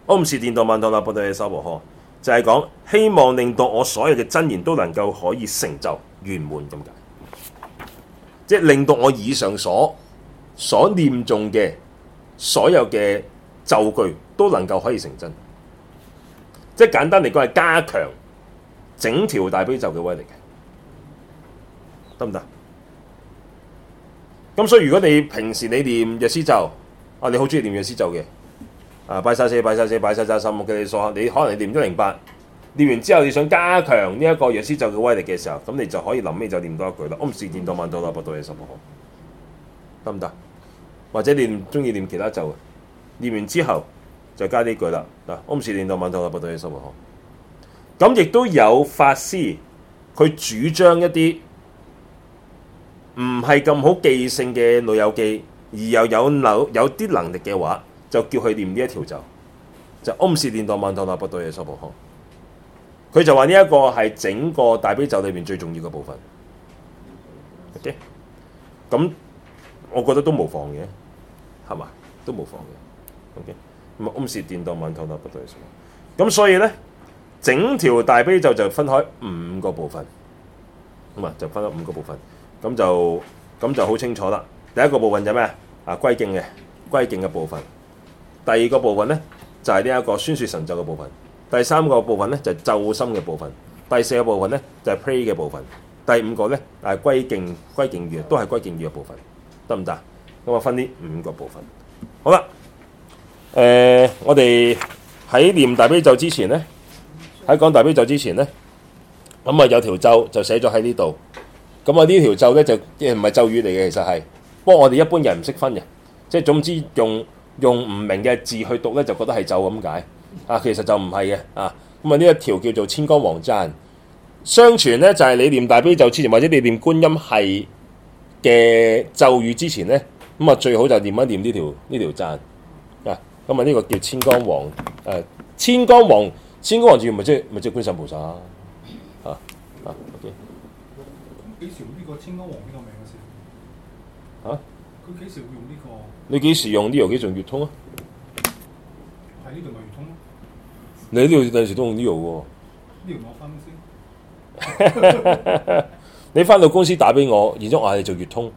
唵攝電度曼陀羅不多耶娑婆呵。就係講，希望令到我所有嘅真言都能夠可以成就圓滿咁解，即係令到我以上所所念誦嘅所有嘅咒句都能夠可以成真，即係簡單嚟講係加強整條大悲咒嘅威力嘅，得唔得？咁所以如果你平時你念藥師咒，啊你好中意念藥師咒嘅。啊！拜曬四，拜曬四，拜曬廿十號你數。你可能念咗零八，念完之後你想加強呢一個藥師咒嘅威力嘅時候，咁你就可以臨尾就念多一句啦。唔時念到萬到啦，百度廿十號，得唔得？或者你中意念其他咒啊？念完之後就加呢句啦。嗱，唔時念到萬到啦，百度廿十號。咁亦都有法師佢主張一啲唔係咁好記性嘅老友記，而又有能有啲能力嘅話。就叫佢念呢一條咒，就暗示電當萬當那不哆耶娑婆訶。佢就話呢一個係整個大悲咒裏面最重要嘅部分。O.K. 咁我覺得都無妨嘅，係嘛，都無妨嘅。O.K. 咁暗示電當萬當那不哆耶娑。咁所以咧，整條大悲咒就分開五個部分，咁、嗯、啊就分咗五個部分。咁就咁就好清楚啦。第一個部分就咩啊？歸敬嘅歸敬嘅部分。第二個部分咧，就係呢一個宣説神咒嘅部分；第三個部分咧，就係咒心嘅部分；第四個部分咧，就係 pray 嘅部分；第五個咧，係歸敬歸敬語，都係歸敬語嘅部分，得唔得？咁啊，分呢五個部分。好啦，誒、呃，我哋喺念大悲咒之前咧，喺講大悲咒之前咧，咁啊有條咒就寫咗喺呢度。咁啊呢條咒咧就唔係咒語嚟嘅，其實係，不過我哋一般人唔識分嘅，即係總之用，用唔明嘅字去讀咧，就覺得係咒咁解啊！其實就唔係嘅啊！咁啊呢一條叫做千光王讚，相傳咧就係、是、你念大悲咒之前，或者你念觀音係嘅咒語之前咧，咁、嗯、啊最好就念一念呢條呢條讚啊！咁啊呢、這個叫千光王誒、啊，千光王千光王字咪即係咪即係觀世菩薩啊？啊，咁、啊、幾、okay、時呢、這個千光王呢個名先？啊？佢幾時會用呢、這個？你幾時用呢油？幾時月通啊？你呢度第時都用油喎。呢度我翻先？ 你翻到公司打俾我，然之後嗌你做月通。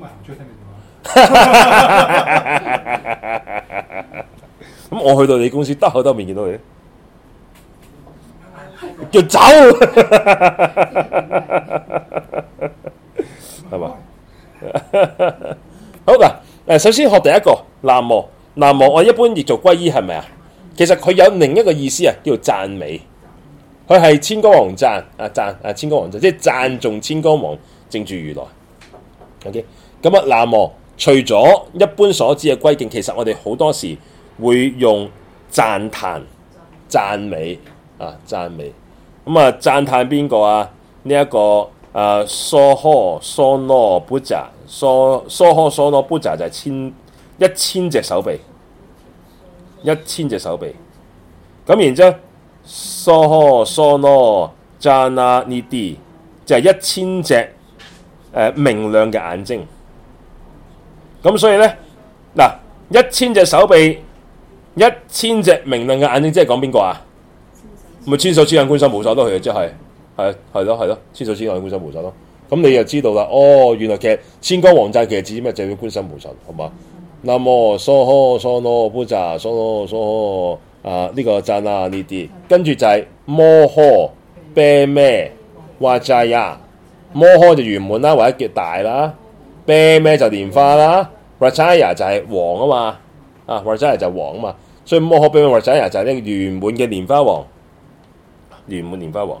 咁 我去到你公司，兜口兜面見到你。叫走係嘛？好嗱，誒，首先學第一個南無，南無，我一般譯做皈依，係咪啊？其實佢有另一個意思讚讚啊，叫讚美，佢、啊、係千光王讚，啊讚啊千光王讚，即係讚頌千光王正住如來。O K，咁啊，南無除咗一般所知嘅皈敬，其實我哋好多時會用讚嘆、讚美啊，讚美。咁啊，讚嘆邊個啊？呢、這、一個。誒娑呵娑羅波雜，娑呵娑羅波雜就係千一千隻手臂，一千隻手臂。咁然之後，娑呵娑羅讚阿尼就係、是、一千隻、呃、明亮嘅眼睛。咁所以咧，嗱，一千隻手臂，一千隻明亮嘅眼睛，啊，即係講邊個啊？咪千手千眼觀世音，冇錯都係嘅，即係。係，係、yep, 咯，係咯，千手千眼觀世音菩薩咯。咁你就知道啦，哦，原來其實千光王剎其實指咩？就係觀世音菩薩，好嘛？那麼娑訶娑羅菩薩，娑羅娑羅啊，呢個真啊呢啲，跟住就摩訶唄咩華剎呀？摩訶就圓滿啦，或者叫大啦。唄咩就蓮花啦，華剎呀就係王啊嘛，啊華剎呀就王啊嘛，所以摩訶唄咩華剎呀就係呢圓滿嘅蓮花王，圓滿蓮花王。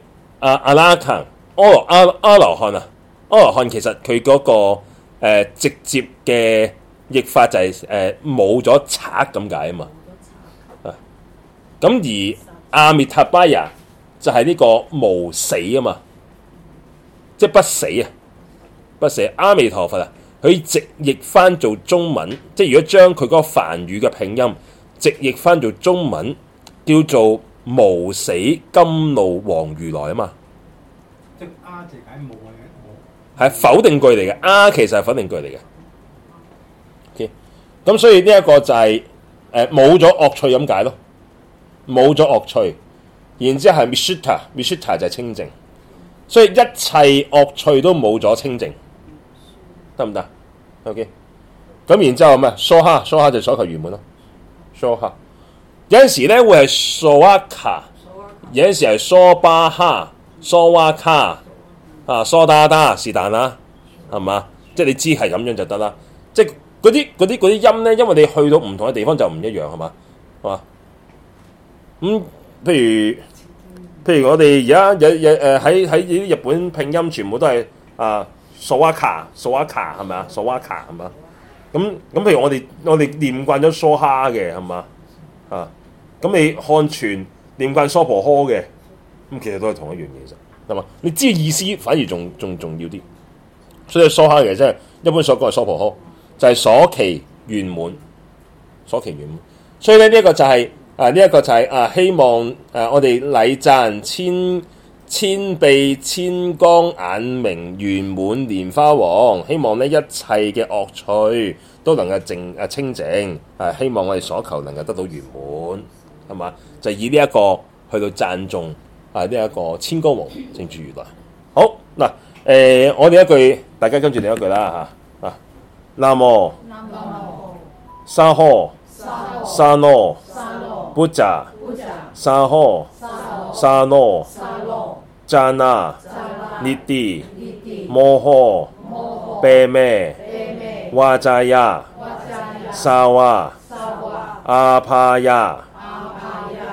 阿阿拉阿阿阿羅漢啊，阿羅漢其實佢嗰個、呃、直接嘅譯法就係誒冇咗賊咁解啊嘛，啊，咁而阿密塔巴就係呢個無死啊嘛，即係不死啊，不死、啊。阿彌陀佛啊，佢直譯翻做中文，即係如果將佢嗰個梵語嘅拼音直譯翻做中文，叫做無死金露王如來啊嘛，即係啊字解冇嘅，冇係否定句嚟嘅，啊其實係否定句嚟嘅。OK，咁所以呢一個就係誒冇咗惡趣咁解咯，冇咗惡趣，然之後係 Mishita，Mishita 就係清淨，所以一切惡趣都冇咗清淨，得唔得？OK，咁然之後係咩？Soha，Soha 就所求圓滿咯，Soha。Shoha. 有陣時咧會係蘇阿卡，有陣時係蘇巴哈、蘇阿卡啊、蘇達達是但啦，係嘛？即係你知係咁樣就得啦。即係嗰啲啲啲音咧，因為你去到唔同嘅地方就唔一樣，係嘛？係嘛？咁、嗯、譬如譬如我哋而家有有誒喺喺日本拼音全部都係啊蘇阿卡蘇阿卡，係咪啊蘇阿卡，係嘛？咁咁譬如我哋我哋念慣咗蘇哈嘅係嘛？啊！咁你看全念返娑婆訶嘅，咁其實都係同一樣嘢，其實係嘛？你知意思反而仲仲重要啲。所以娑哈其實真係一般所講係娑婆訶，就係、是、所期圓滿，所祈圓滿。所以咧呢一個就係、是、啊呢一、這個就係、是、啊希望誒、啊、我哋禮讚千千臂千光眼明圓滿蓮花王，希望呢一切嘅惡趣都能夠清淨、啊、希望我哋所求能夠得到圓滿。係、就、嘛、是？就以呢一個去到讚頌啊！呢一個千光王靜住如來。好嗱 Namo,，誒 inequalities ,，我哋一句，大家跟住另一句啦嚇啊。南摩沙彌沙羅菩薩沙彌沙羅迦那呢啲、摩吼白咩、哇迦呀、沙哇阿帕呀。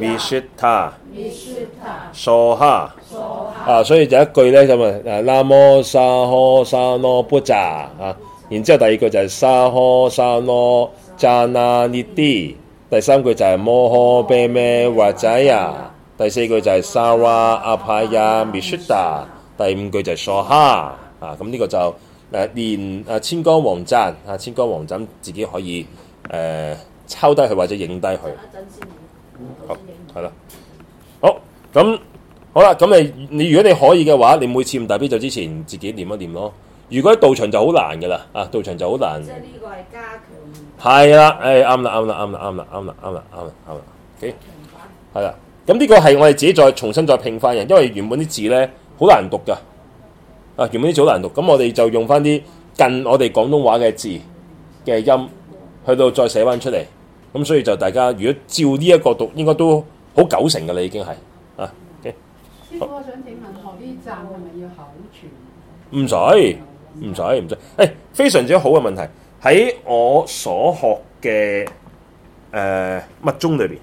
彌舍塔，娑哈，啊，所以第一句咧就係啊，南無沙訶沙諾布扎啊，然之後第二句就係、是、沙訶沙諾讚啊涅啲，第三句就係摩訶貝咩華仔啊，第四句就係薩哇阿派呀彌舍塔，第五句就係娑哈啊，咁、嗯、呢、這個就誒、啊、連千光王讚啊，千光王讚、啊、自己可以誒、啊、抽低佢或者影低佢。係啦，好咁好啦，咁你你，你如果你可以嘅話，你每次唔大悲懺之前，自己念一念咯。如果喺道場就好難噶啦，啊，道場就好難。即係呢個係加強。係啦，誒，啱啦，啱啦，啱啦，啱啦，啱啦，啱啦，啱啦。加強版。係啦，咁呢個係我哋自己再重新再拼翻人，因為原本啲字咧好難讀噶，啊，原本啲字好難讀，咁我哋就用翻啲近我哋廣東話嘅字嘅音，去到再寫翻出嚟，咁所以就大家如果照呢一個讀，應該都。好九成嘅啦，你已經係啊！師、okay，傅，我想請問下呢啲咒係咪要口傳？唔使，唔使，唔使。誒，非常之好嘅問題。喺我所學嘅誒、呃、密宗裏邊，誒、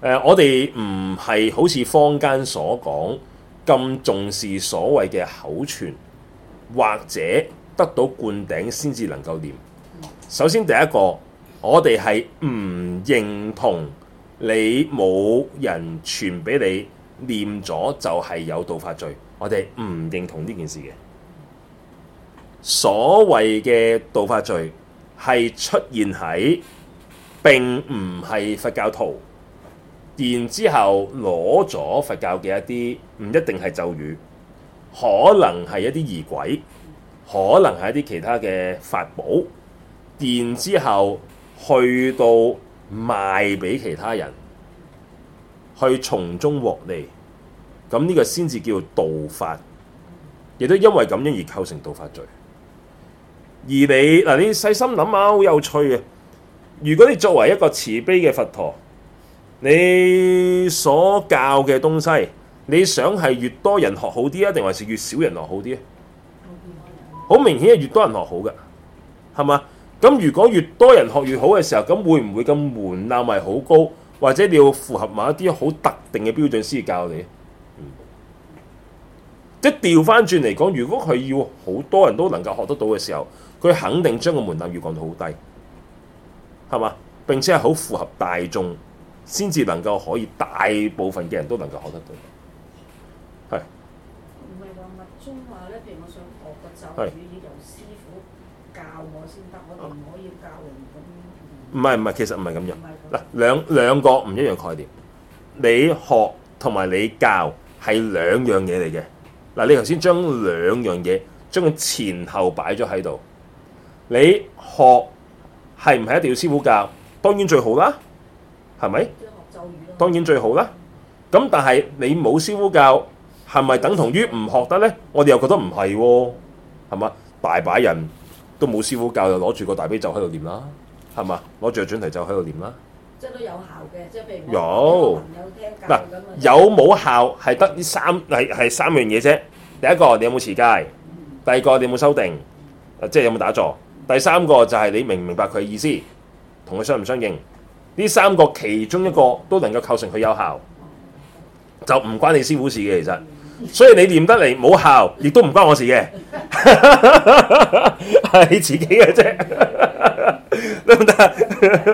呃、我哋唔係好似坊間所講咁重視所謂嘅口傳，或者得到灌頂先至能夠唸。首先第一個，我哋係唔認同。你冇人傳俾你念，咗就係有道法罪，我哋唔認同呢件事嘅。所謂嘅道法罪係出現喺並唔係佛教徒，然之後攞咗佛教嘅一啲唔一定係咒語，可能係一啲儀軌，可能係一啲其他嘅法寶，然之後去到。賣俾其他人去從中獲利，咁呢個先至叫盜法，亦都因為咁樣而構成盜法罪。而你嗱，你細心諗下，好有趣啊！如果你作為一個慈悲嘅佛陀，你所教嘅東西，你想係越多人學好啲啊，定還是越少人學好啲啊？好明顯係越多人學好㗎，係嘛？咁如果越多人學越好嘅時候，咁會唔會咁門檻咪好高，或者你要符合某一啲好特定嘅標準先至教你？嗯嗯，即係調翻轉嚟講，如果佢要好多人都能夠學得到嘅時候，佢肯定將個門檻要降到好低，係嘛？並且係好符合大眾，先至能夠可以大部分嘅人都能夠學得到，係。唔可以教嚟咁，唔係唔係，其實唔係咁樣。嗱，兩兩個唔一樣概念。你學同埋你教係兩樣嘢嚟嘅。嗱，你頭先將兩樣嘢將佢前後擺咗喺度。你學係唔係一定要師傅教？當然最好啦，係咪、啊？當然最好啦。咁但係你冇師傅教，係咪等同於唔學得呢？我哋又覺得唔係、哦，係嘛？大把人。都冇師傅教就攞住個大悲咒喺度念啦，係嘛？攞住個轉提咒喺度念啦，即係都有效嘅，即係譬如有，有冇效係得呢三，係三樣嘢啫。第一個你有冇持戒，第二個你有冇修定，即係有冇打坐。第三個就係你明唔明白佢嘅意思，同佢相唔相應。呢三個其中一個都能夠構成佢有效，就唔關你師傅事嘅其實。所以你念得嚟冇效，亦都唔關我事嘅。係 自己嘅啫 不行，你得唔得？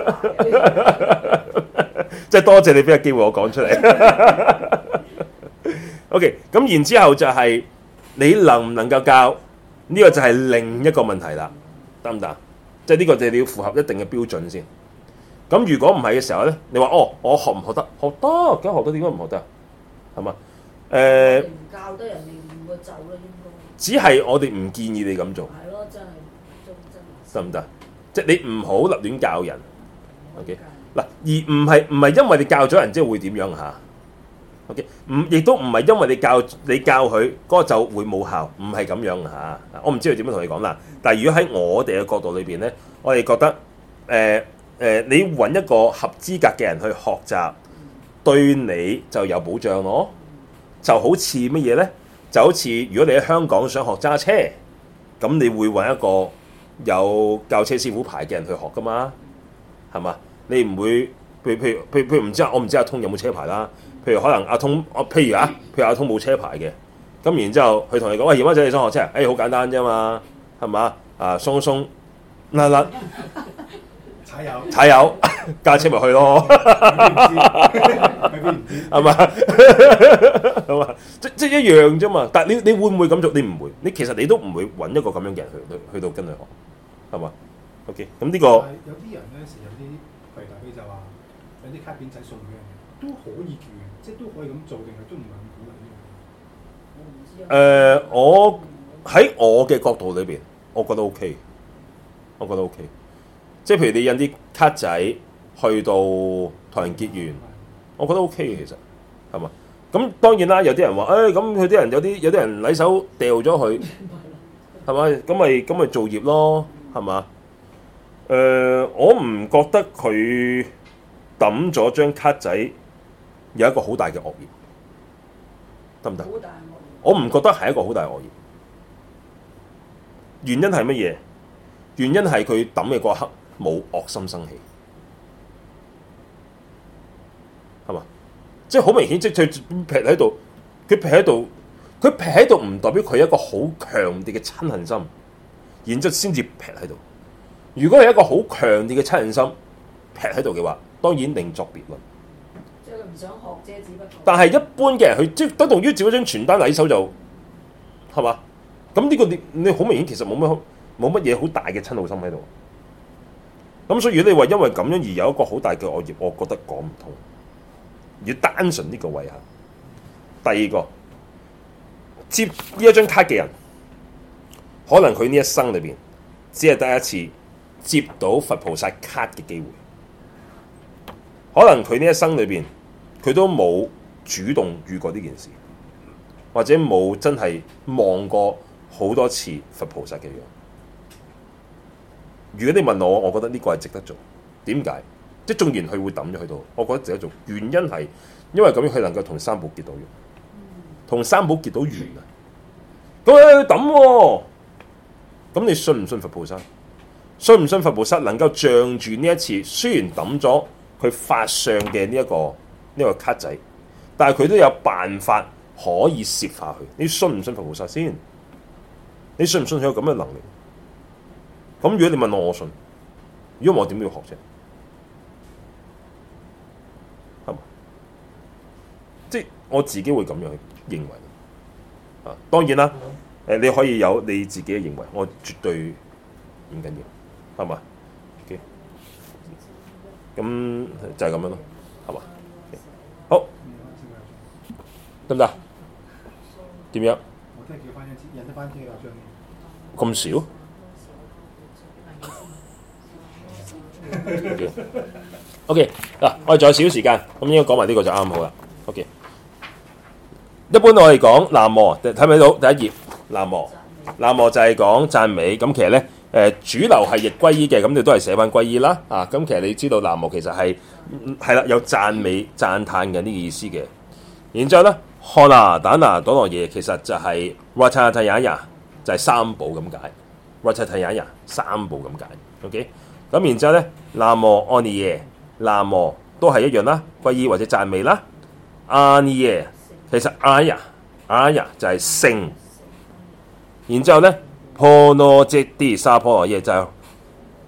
即係多謝你俾個機會我講出嚟。 OK，咁然之後就係你能唔能夠教呢，呢個就係另一個問題啦，得唔得？即係呢個就係要符合一定嘅標準先。咁如果唔係嘅時候咧，你話哦，我學唔學得？學得，而家學得點解唔學得啊？係嘛？誒，唔教得人哋換個奏只係我哋唔建議你咁做，係咯，真係，得唔得？即係你唔好立亂教人。OK，嗱，而唔係唔係因為你教咗人之後會點樣嚇？OK，唔亦都唔係因為你教你教佢嗰就會冇效，唔係咁樣嚇。我唔知佢點樣同你講啦。但係如果喺我哋嘅角度裏邊咧，我哋覺得誒、誒，你揾一個合資格嘅人去學習，對你就有保障咯。就好似乜嘢咧？有一次，如果你喺香港想學揸車，咁你會搵一個有教車師傅牌嘅人去學㗎嘛？係嘛？你唔會，譬如譬如譬如譬如唔知我唔知阿通有冇車牌啦。譬如可能阿通，譬如啊，譬如、啊譬如、啊、譬如阿通冇車牌嘅，咁然之後佢同你講：喂、哎，連媽仔你想學車？誒、哎，好簡單啫嘛，係嘛？啊，鬆鬆嗱嗱。 踩油，駕車咪去咯。未必唔知，係咪？咁啊，即即一樣啫嘛。但你你會唔會咁做？你唔會。你其實你都唔會揾一個咁樣嘅人去去去到跟佢學，係嘛？O K。咁呢個有啲人咧，成日啲肥大飛就話有啲卡片仔送嘅，都可以住，即都可以咁做，定係都唔係咁鼓勵嘅。我唔知啊。誒，我喺我嘅角度裏邊，我覺得 O K，我覺得 O K。即係譬如你印啲卡仔去到同人結緣，我覺得 OK 嘅其實係嘛？咁當然啦，有啲人話，誒，咁佢啲人有啲有啲人攠手掉咗佢，係嘛？咁咪咁咪造業咯，係嘛？誒、呃，我唔覺得佢抌咗張卡仔有一個好大嘅惡業，得唔得？我唔覺得係一個好大的惡業。原因係乜嘢？原因係佢抌嘅嗰刻。冇惡心生氣，係嘛？即係好明顯，即佢劈喺度，佢劈喺度，佢劈喺度，唔代表佢一個好強烈嘅親恨心，然之後先至劈喺度。如果係一個好強烈嘅親恨心劈喺度嘅話，當然另作別論。即係唔想學啫，只不過。但係一般嘅人，佢即係等同於照張傳單攋手就係嘛？咁呢個你你好明顯，其實冇乜冇乜嘢好大嘅親恨心喺度。咁所以你話因為咁樣而有一個好大嘅惡業，我覺得講唔通。要單純呢個位下，第二個接呢一張卡嘅人，可能佢呢一生裏邊只係第一次接到佛菩薩卡嘅機會，可能佢呢一生裏邊佢都冇主動遇過呢件事，或者冇真係望過好多次佛菩薩嘅樣。如果你問我，我覺得呢個係值得做。點解？即係縱然佢會抌咗去到，我覺得值得做。原因係因為咁樣佢能夠同三寶結到緣，同三寶結到緣嘅，咁佢抌。咁、哎你，啊、你信唔信佛菩薩？信唔信佛菩薩能夠障住呢一次？雖然抌咗佢法相嘅呢一個呢、這個卡仔，但係佢都有辦法可以蝕下去。你信唔信佛菩薩先？你信唔信佢有咁嘅能力？咁如果你問我，我信。如果我點都要學啫？係嘛？即係、就是、我自己會咁樣去認為。當然啦。你可以有你自己嘅認為，我絕對唔緊要，係嘛？OK。咁就係咁樣咯，係嘛？好，得唔得？點樣？咁、okay. 少？O K 嗱，我哋仲有少少時間，咁應該講埋呢個就啱好啦。OK，一般我哋講南無，睇唔睇到第一頁？南無南無就係講讚美，咁其實咧，誒、呃、主流係譯歸依嘅，咁你都係寫翻歸依啦。啊，咁其實你知道南無其實係係啦，有讚美、讚嘆嘅呢個意思嘅。然之後咧，阿達那朵羅耶其實就係瓦察提雅耶，就係三寶咁解。瓦察提雅耶三寶咁解。O K。咁然之後咧，南無阿彌耶，南無都係一樣啦，皈依或者讚美啦。阿彌耶其實阿、啊、呀阿、啊、呀就係聖。然後呢之後咧，婆羅揭帝沙婆耶就，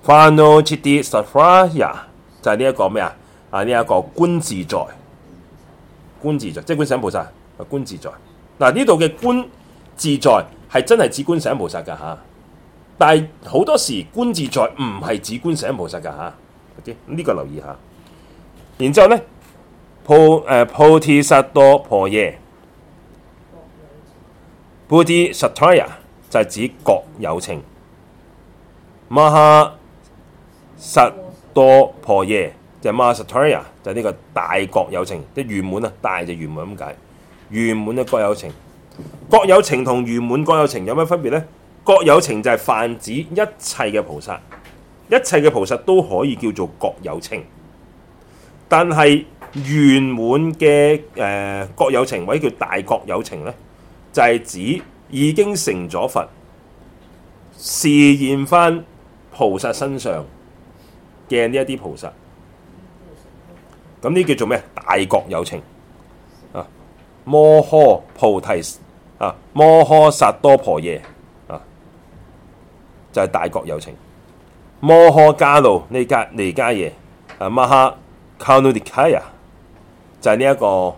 婆羅揭帝薩哈呀就係呢一個咩啊？啊呢一個觀自在，觀自在即觀世音菩薩啊！觀自在嗱呢度嘅觀自在係、啊、真係指觀世音菩薩噶嚇。啊但係好多時，觀自在唔係指觀世菩薩噶嚇，OK 呢個留意下然。然之後咧，破誒菩提薩多破夜，菩提薩 try 就係、是、指各有情。馬薩多破夜就係馬 a try 就係、是、呢個大各有情，即係圓滿啊！大就圓滿咁解，圓滿嘅各有情，各有情同圓滿各有情有咩分別咧？覺有情就係泛指一切嘅菩薩，一切嘅菩薩都可以叫做覺有情。但係圓滿嘅誒覺有情，或者叫大覺有情呢，就係、是、指已經成咗佛，示現返菩薩身上嘅呢一啲菩薩。咁呢叫做咩？大覺有情、啊、摩訶菩提、啊、摩訶薩多婆耶。就係、是、大覺有情。摩訶迦盧尼迦尼迦耶，啊，馬哈卡努迪卡呀，就係呢一個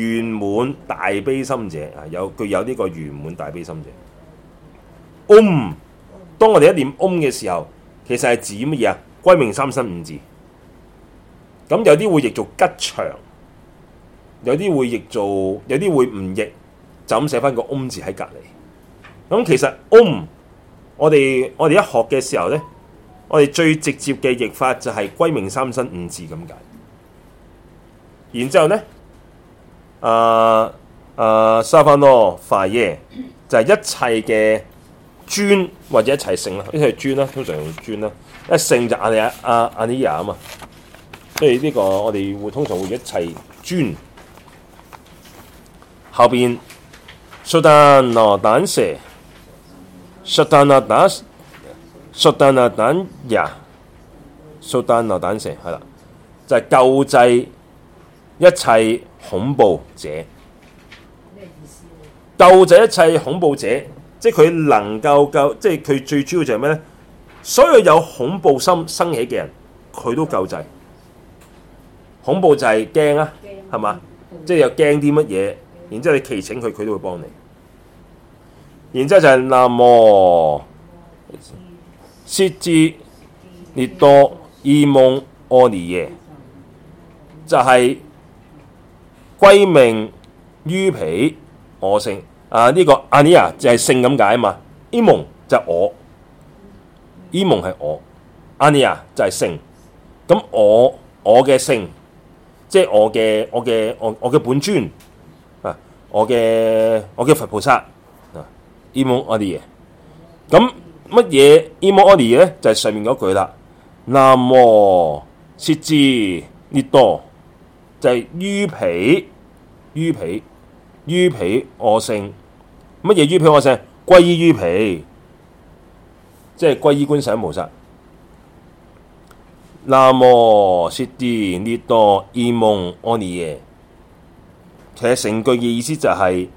圓滿大悲心者啊，有具有呢個圓滿大悲心者。Om，當我哋一念 Om 嘅時候，其實係指乜嘢啊？皈命三身五字。咁有啲會譯做吉祥，有啲會譯做，有啲會唔譯，就咁寫返個 Om 字喺隔籬。咁其實 Om。我哋我哋一學嘅時候咧，我哋最直接嘅譯法就係「歸命三身五智」咁解。然之後咧，啊啊沙芬羅法耶就係一切嘅尊或者一切聖啦。一切尊啦，通常用尊啦。一聖就阿尼亞阿阿尼亞啊嘛，所以呢個我哋會通常會一切尊後邊「蘇丹羅蛋蛇」。蘇丹啊蛋，蘇丹啊蛋呀，蘇丹啊蛋成係啦，就係救濟一切恐怖者。咩意思？救濟一切恐怖者，即係佢能夠救，即係佢最主要就係咩咧？所有有恐怖心生起嘅人，佢都救濟。恐怖就係驚啊，係嘛？即係又驚啲乜嘢？然之後你祈請佢，佢都會幫你。然之後就係南無悉知列多依蒙阿尼耶，就係歸命於彼我性啊。呢個阿尼亞就係性咁解啊嘛。依蒙就係我，依蒙係我，阿尼亞就係性。咁我我嘅性，即係我嘅我嘅我我嘅本尊啊，我嘅我嘅佛菩薩。伊蒙阿唎耶，咁乜嘢伊蒙阿唎耶咧？就係、是、上面嗰句啦。南無悉吉栗埵，就係、是、于皮于皮于皮我性，乜嘢于皮我性？歸于皮，即、就、係、是、歸依觀世音菩薩。南無悉吉栗埵伊蒙阿唎耶，其實成句嘅意思就係、是、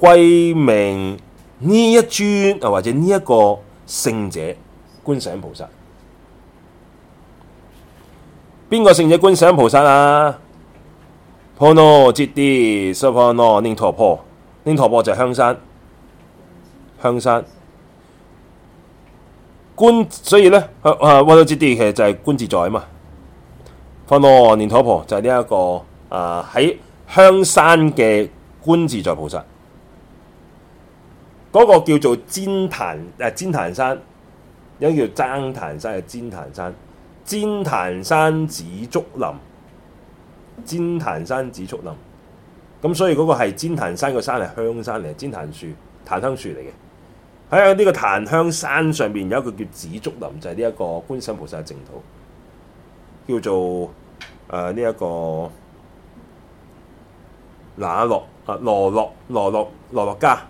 歸命。呢一尊啊，或者呢一個聖者觀想菩薩，邊個聖者觀想菩薩啊？波羅揭帝，娑婆羅念陀婆，念陀婆就係香山，香山觀。所以咧，啊啊波羅揭帝其實就係觀自在啊嘛。娑婆羅念陀婆就係呢一個啊喺、呃、香山嘅觀自在菩薩。嗰、那個叫做煎潭，誒煎潭山，又叫爭潭山，係煎潭山。煎潭山紫竹林，煎潭山紫竹林。咁所以嗰個係煎潭山嘅山係香山嚟，煎潭樹、檀香樹嚟嘅。喺呢個檀香山上面有一個叫紫竹林，就係呢一個觀山菩薩嘅淨土，叫做誒呢一個羅落啊，羅洛羅洛羅洛家。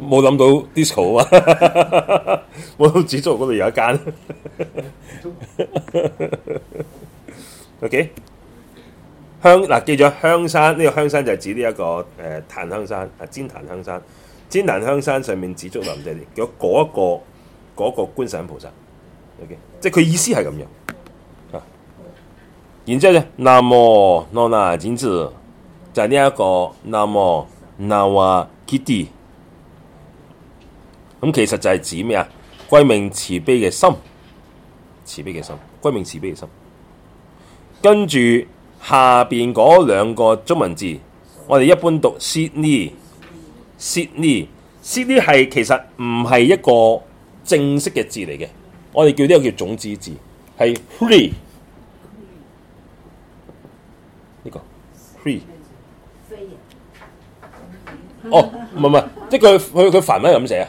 冇諗到啲草啊！冇諗到紫竹嗰度有一間。OK，香嗱記咗香山呢、這個香山就係指呢、這、一個誒檀、呃、香山啊，煎檀香山煎檀香山上面紫竹林就嘅一個嗰一、嗰個觀世音菩薩。OK，即係佢意思係咁樣啊。然之後咧，南無 n 無金就係呢一個南 k i 哇基蒂。咁其實就係指咩啊？歸命慈悲嘅心，慈悲嘅心，歸命慈悲嘅心。跟住下邊嗰兩個中文字，我哋一般讀悉尼，悉尼，悉尼係其實唔係一個正式嘅字嚟嘅，我哋叫呢個叫種子字，係 free 呢個 free。哦、嗯，唔係唔係，即係佢佢佢梵文係咁寫啊！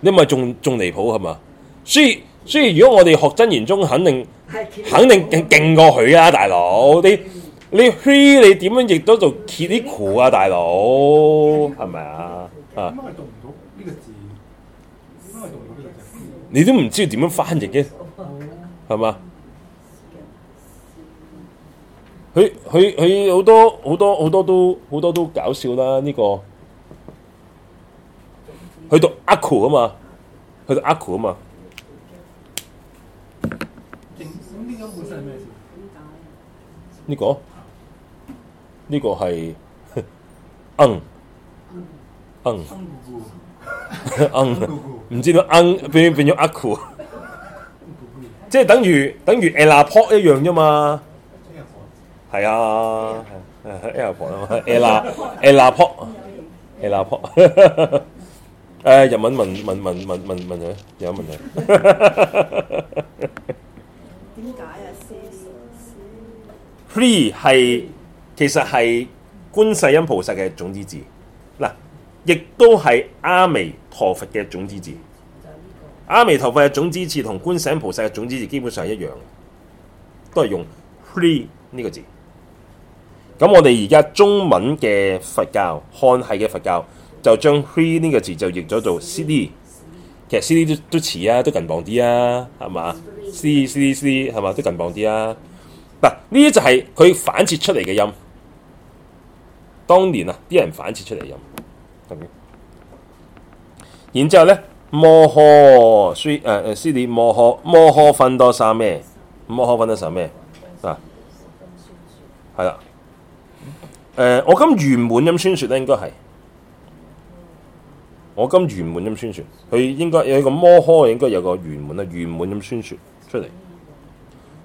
你咪仲仲離譜係嘛？所以所以如果我哋學真言宗，肯定肯定勁勁，勁過佢啊，大佬！你你 f e 你點樣亦都做 k i 啊，大佬係咪啊？你都唔知點樣翻譯嘅，係嘛？佢佢佢好多好多好多都好多都搞笑啦！呢個去到 acute 啊嘛，去到 acute 啊嘛。整咁點解本身係咩事？呢個？呢個係嗯嗯嗯唔知道嗯變變咗 acute，即係等於等於 elapod 一樣啫嘛。係啊，係啊，elapod 啊，elapod，elapod。誒、哎、日文問問問問問問嘢，有問題？點解啊？Three 係其實係觀世音菩薩嘅種子字，嗱，亦都係阿彌陀佛嘅種子字。就呢個阿彌陀佛嘅種子字同觀世音菩薩嘅種子字基本上係一樣嘅，都係用 three 呢個字。咁、嗯、我哋而家中文嘅佛教、漢系嘅佛教。就將 three 呢個字就譯咗做 c d，其實 c d 都都似啊，都近磅啲啊，係嘛？c i c c i 係嘛？都近磅啲啊。嗱、啊，呢啲就係佢反切出嚟嘅音。當年啊，啲人反切出嚟嘅音，係咪？然之後咧，摩訶 three 誒誒 c d 摩訶摩訶分多三咩？摩訶分多三咩？嗱、嗯，係啦。誒，我今圓滿音宣説咧，應該係。我今圓滿咁宣傳，佢應該有一個摩訶，應該有個圓滿啊！圓滿咁宣傳出嚟，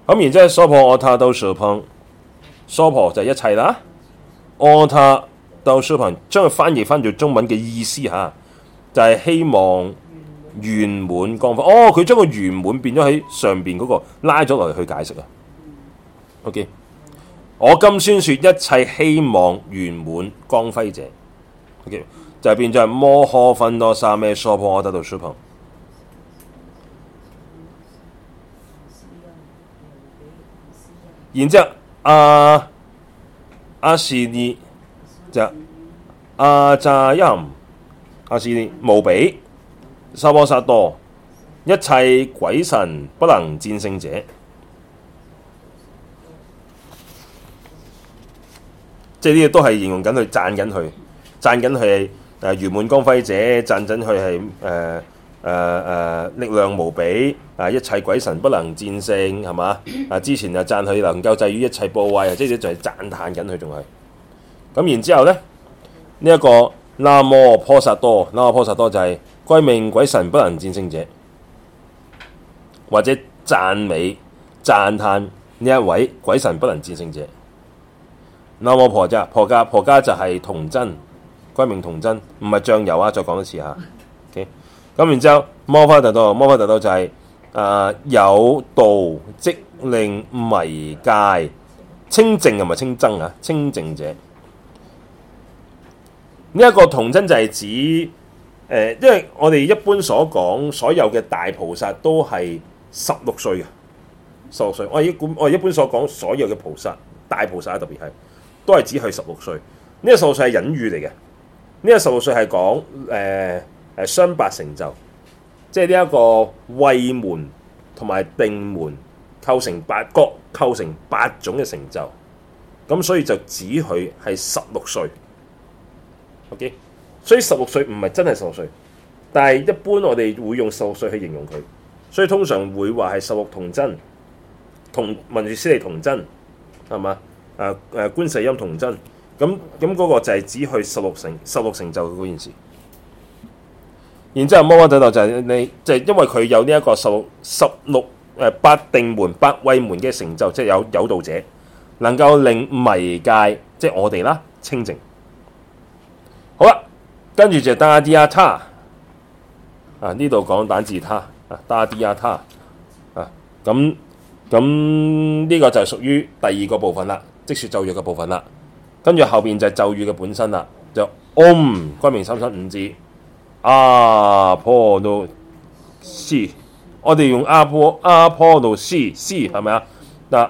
咁然之後娑婆我塔都娑婆，娑婆就一切啦。我塔都娑婆，將佢翻譯翻做中文嘅意思吓，就係、是、希望圓滿光輝。哦，佢將、那個圓滿變咗喺上邊嗰個拉咗落去去解釋啊。OK，我今宣說一切希望圓滿光輝者。OK。就變咗係摩訶芬多沙咩疏波得到殊蓬，然之後阿阿是尼就阿扎音阿是尼無比沙波沙多，一切鬼神不能戰勝者，即係呢啲都係形容緊佢讚緊佢，讚緊佢。誒，圓滿光輝者，讚讚佢係誒誒誒，力量無比，啊一切鬼神不能戰勝，係嘛？啊 之前啊讚佢能夠制於一切破壞， 即係就係讚嘆緊佢仲係。咁然之後咧，呢、呢、一個南摩波薩多，南摩波薩多就係歸命鬼神不能戰勝者，或者讚美讚嘆呢一位鬼神不能戰勝者。南摩婆家，婆家婆家就係童真。歸命童真唔係醬油啊！再講一次嚇。O K，咁然之後，摩法特豆，摩法特豆就係、是、誒、呃、有道即令迷界清淨，係咪清真啊？清淨者呢一、這個童真就係指誒、呃，因為我哋一般所講所有嘅大菩薩都係十六歲嘅十六歲。我依我一般所講所有嘅菩薩大菩薩特別係都係指係十六歲。呢個十六歲係隱喻嚟嘅。呢、這個十六歲係講誒誒雙八成就，即係呢一個位門同埋定門構成八角，構成八種嘅成就。咁所以就指佢係十六歲。OK，所以十六歲唔係真係十六歲，但係一般我哋會用十六歲去形容佢，所以通常會話係十六童真，同文殊師利童真係嘛？誒誒、啊啊、觀世音童真。咁咁嗰個就係指去十六成十六成就嗰件事，然之後摩摩底道就係你，就係因為佢有呢一個十六十六誒八定門八威門嘅成就，即係有有道者能夠令迷界即係我哋啦清淨。好啦，跟住就打啲阿他啊呢度講單字他啊打啲阿他啊，咁咁呢個就屬於第二個部分啦，即説咒語嘅部分啦。跟住後面就係咒語嘅本身啦，就 Om 光明三身五智。「阿婆 no C，我哋用阿婆阿婆 no C C 係咪啊？嗱，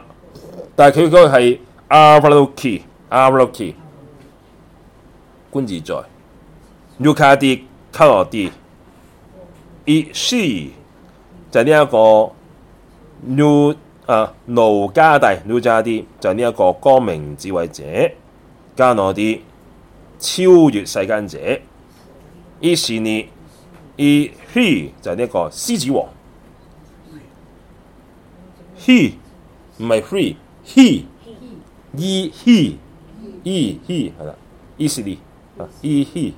但係佢嗰個係 Avlokhi Avlokhi 觀自在，Nukadi 卡羅蒂，E C 就係呢一個 Nu 啊盧加蒂盧加蒂就係呢一個光明智慧者。加我啲超越世間者 i s n i s he 就呢、是這個個獅子王，he 唔係 free，he，e he，e he 係啦 i s n i e he，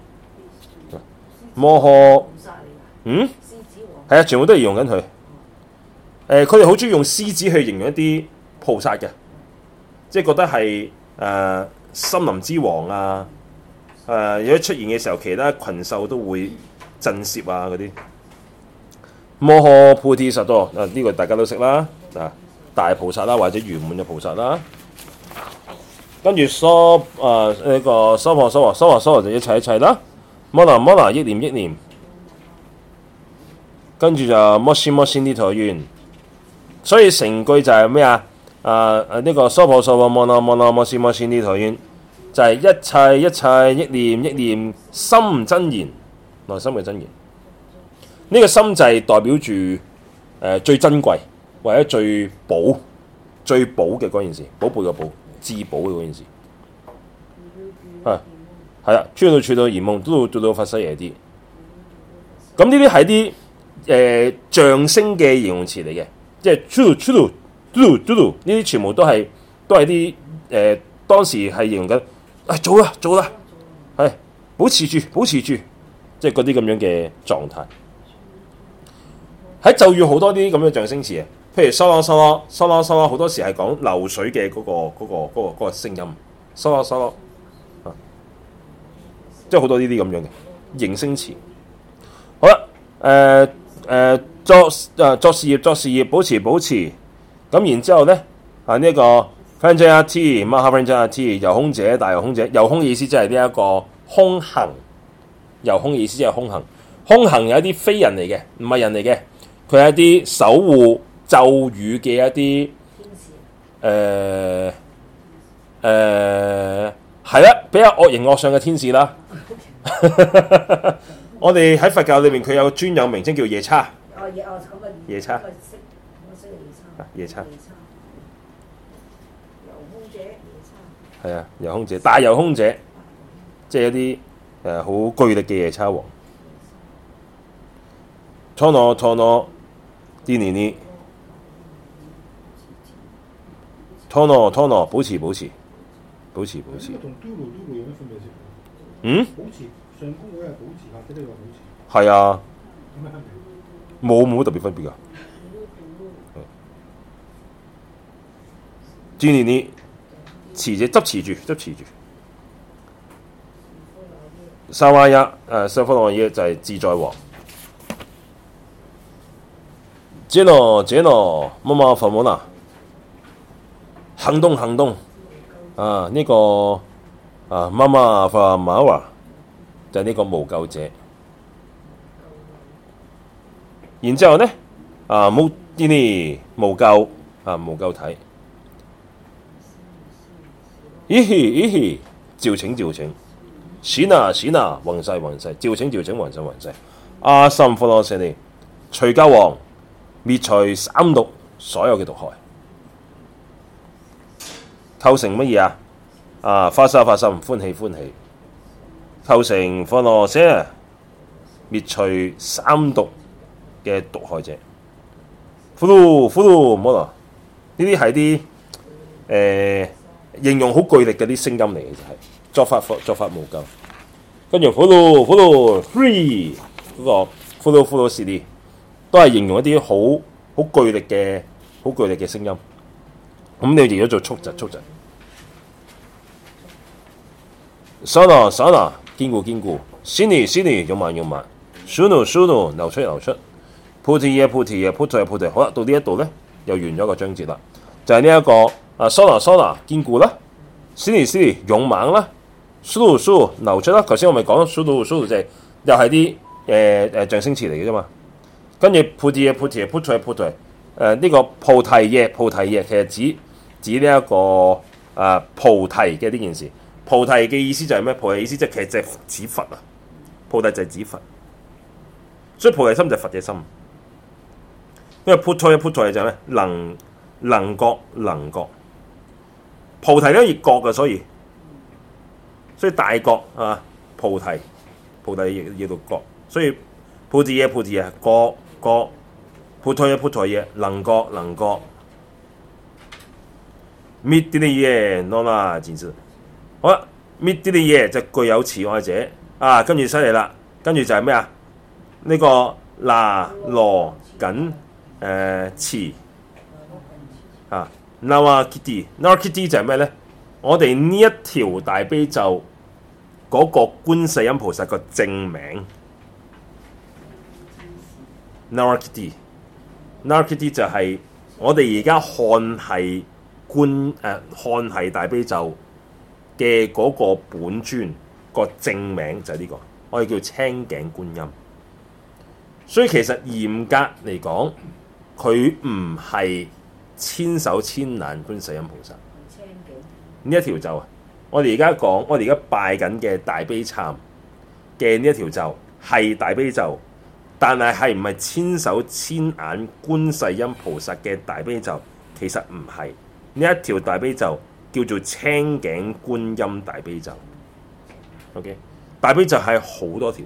摩訶，是是 bunları，嗯獅子王係啊，全部都係用緊佢。誒、呃，佢哋好中意用獅子去形容一啲菩薩嘅，即係覺得係誒。呃森林之王啊，誒、呃，如果出現嘅時候，其他群獸都會震懾啊嗰啲。摩訶菩提薩埵，啊，呢、這個大家都識啦，啊，大菩薩啦，或者圓滿嘅菩薩啦。跟住娑誒呢個娑婆娑啊，娑啊娑啊，就一切一切啦。摩囉摩囉，憶念憶念。跟住就摩仙摩仙的陀怨，所以成句就係咩啊？啊！呢、這個娑婆娑婆摩囉摩囉摩斯摩斯呢台願就係一切一切，憶念憶念，心真言、內心嘅真言。呢個心就係代表住誒、呃、最珍貴，或者最寶、最寶嘅嗰件事，寶貝嘅寶，至寶嘅嗰件事。啊、嗯，係、嗯、啦，穿到穿到圓夢，都做到佛世爺啲。咁呢啲係啲誒象徵嘅形容詞嚟嘅，即係穿到穿到。主動主動嘟嘟呢啲全部都係都係啲誒當時係形容緊。誒做啦，做啦，係保持住，保持住，即係嗰啲咁樣嘅狀態。喺咒語好多啲咁嘅象聲詞啊，譬如收啦收啦收啦收啦，好多時係講流水嘅嗰、嗰個嗰、嗰個嗰、嗰個嗰個聲音。收啦收啦即係好多呢啲咁樣嘅形聲詞。好啦，誒、呃、誒、呃、作啊作事業，作事業，保持保持。保持。咁然之後咧，啊呢一個 Ranger T，Mark Ranger T，遊空者，大遊空者，遊空意思即係呢一個空行，遊空意思即係空行，空行有一啲非人嚟嘅，唔係人嚟嘅，佢係一啲守護咒語嘅一啲天使，誒誒係啦，比較惡形惡相嘅天使啦。Okay. 我哋喺佛教裏面佢有專有名稱叫夜叉，夜叉。夜叉，遊空姐，係啊，遊空姐，大遊空姐，即係一啲誒好巨力嘅夜叉王。托諾托諾，今年呢？托諾托諾，保持保持，保持保持。o o o o l 保持保持啊，即保持。係、嗯、啊。冇冇特別分別啊？注意你持住執持住執持住。沙哇耶誒，沙佛羅耶就係自在王。這攞這攞，媽媽佛母拿行動行動啊！呢、這個啊媽媽佛馬華就係、是、呢個無垢者。然之後呢，啊無啲呢、啊、無垢啊無垢體。咦嘻咦嘻，召請召請，錢啊錢啊，運晒運晒，召請召請，運晒運晒。阿森佛羅舍尼，除家王滅除三毒，所有嘅毒害構成乜嘢啊？啊，發心發心，歡喜歡喜，構成佛羅舍，滅除三毒嘅毒害者。呼嚕呼嚕，乜嘢？呢啲係啲誒。形容好巨力嘅啲聲音嚟嘅，就係、是、作法，作法無咎。跟住呼嚧呼嚧，free。嗰個呼嚧呼嚧好似啲，都係形容一啲好好巨力嘅，好巨力嘅聲音。噉你哋都做速疾，速疾。Sana，sana，堅固堅固。Sini，sini，用慢用慢。Suno，suno，流出流出。Putty 嘅 putty 嘅 p u t 好喇。到呢一度呢，又完咗個章節喇。就係呢一個。啊，蘇拿蘇拿，堅固啦，斯利斯利，勇猛啦，蘇度蘇度，流出啦。頭先我咪講咗，蘇度蘇度就係又係啲誒誒象聲詞嚟嘅啫嘛。跟住菩提嘅菩提，菩提嘅菩提，誒呢個菩提嘅菩提嘅其實指指呢一個啊菩提嘅呢件事。菩提嘅意思就係咩？菩提嘅意思即係其實係指佛啊。菩提就係指佛，所以菩提心就係佛嘅心。因為菩提嘅菩提就係咩？能能覺能覺。能覺能覺菩提咧，越覺嘅，所以所以大覺啊，菩提菩提亦亦到覺，所以菩提嘢，菩提耶覺覺，菩提耶菩提耶能覺能覺，mid 啲啲嘢攞啦，知唔知？好啦，mid 啲啲嘢就是、具有慈愛者啊，跟住犀利啦，跟住就係咩、這個呃、啊？呢個嗱羅緊誒慈啊！嗱，阿 kriti，阿 kriti 就係咩呢？我哋呢一條大悲咒，嗰、那個觀世音菩薩個正名，阿 kriti，阿 kriti 就我係我哋而家看係觀誒看係大悲咒嘅嗰個本尊、那個正名就係呢、這個，我哋叫青頸觀音。所以其實嚴格嚟講，佢唔係。千手千眼觀世音菩薩，呢一條咒啊！我哋而家講，我哋而家拜緊嘅大悲懺嘅呢一條咒係大悲咒，但係係唔係千手千眼觀世音菩薩嘅大悲咒？其實唔係，呢一條大悲咒叫做青頸觀音大悲咒。OK，大悲咒係好多條，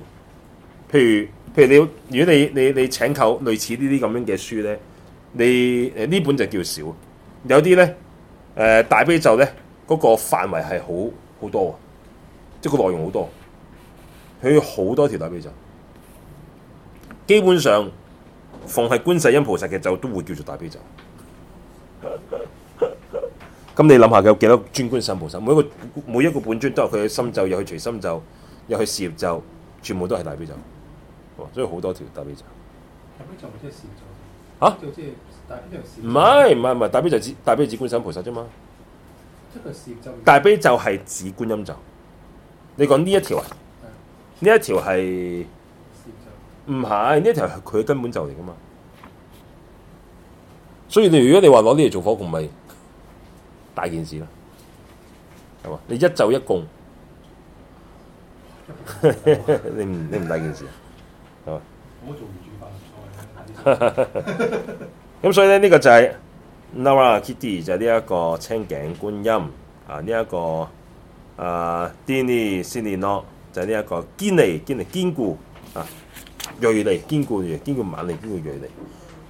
譬如譬如你，如果你你你請求類似呢啲咁樣嘅書咧。你誒呢本就叫少，有啲咧誒大悲咒咧嗰、嗰個範圍係好好多，即係個內容好多，佢好多條大悲咒。基本上，逢係觀世音菩薩嘅咒都會叫做大悲咒。咁 你諗下，有幾多尊觀世音菩薩？每一個每一個本尊都係佢嘅心咒，又去隨心咒，又去事業咒，全部都係大悲咒。哦、所以好多條大悲咒。 啊！唔係唔係唔係，大悲就指、是、大悲指觀世音菩薩啫嘛。大悲就係指觀音咒。你講呢一條啊？呢一條係？唔係呢一條係佢嘅根本就嚟噶嘛。所以你如果你話攞呢嚟做火供咪、就是、大件事啦。係嘛？你一就一供， 你唔你唔大件事啊？係嘛？咁 所以咧，呢、呢個就係 Nara Kitty 就係呢一個青頸觀音啊，呢、呢、一個啊 Dini Sini no 就係呢一個堅尼堅尼堅固啊銳利堅固銳堅固猛力堅固銳利。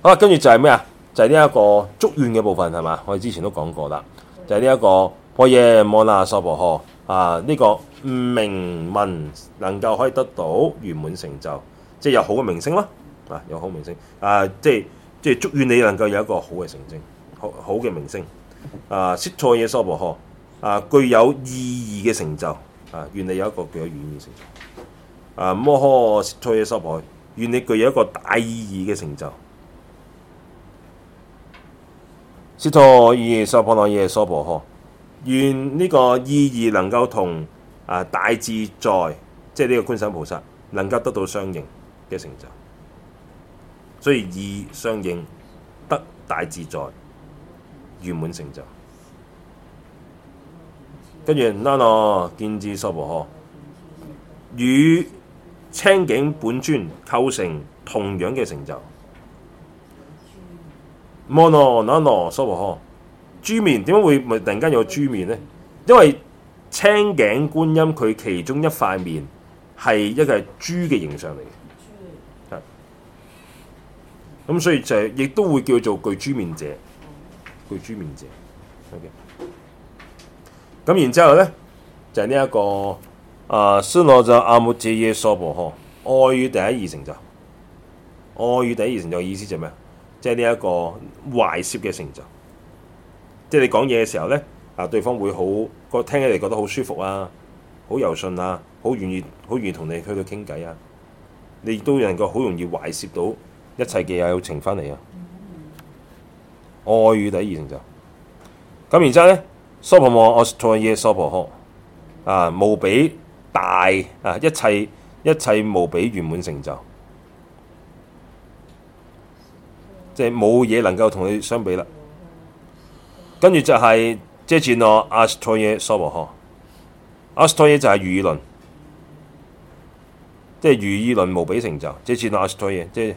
好啦，跟住就係咩啊？就係呢一個祝願嘅部分係嘛？我哋之前都講過啦，就係呢一個破夜摩那娑婆訶啊，呢、 呢個、呢個、名聞能夠可以得到圓滿成就，即、就、係、是、有好嘅名聲咯。啊！有好名聲啊，即係即係，祝願你能夠有一個好嘅成績，好好嘅名聲。啊，悉陀夜娑婆訶！啊，具有意義嘅成就啊，願你有一個具有意義嘅成就。啊摩訶悉陀夜娑婆，願你具有一個大意義嘅成就。悉陀喻藝室皤囉耶娑婆訶，願呢個意義能夠同啊大自在，即係呢個觀世菩薩能夠得到相應嘅成就。所以意相應得大自在圓滿成就，跟住那諾見智娑婆呵，與青頸本尊構成同樣嘅成就。摩那那諾娑婆呵，豬面，點解會突然間有豬面呢？因為青頸觀音佢其中一塊面係一個係豬嘅形象嚟嘅。咁、嗯、所以就係、是，亦都會叫做巨豬面者，巨豬面者。好、okay、嘅。咁然之後咧，就係呢一個啊，娑羅就阿末遮耶娑婆呵，愛語第一二成就，愛語第一二成就嘅意思就咩啊？即係呢一個懷攝嘅成就。即係你講嘢嘅時候咧，啊，對方會好個聽起嚟覺得好舒服啊，好柔順啊，好願意，好願意同你去到傾偈啊。你亦都能夠好容易懷攝到。一切嘅有情分嚟啊，mm-hmm。愛與第二成就咁，然之後呢，娑婆摩訶阿阿悉陀夜娑婆訶啊，無比大啊，一切一切無比圓滿成就，即係冇嘢能夠同佢相比啦。跟住就係者吉囉阿悉陀夜娑婆訶，阿悉陀夜就係如意輪，即係如意輪無比成就。者吉囉阿悉陀夜即係。就是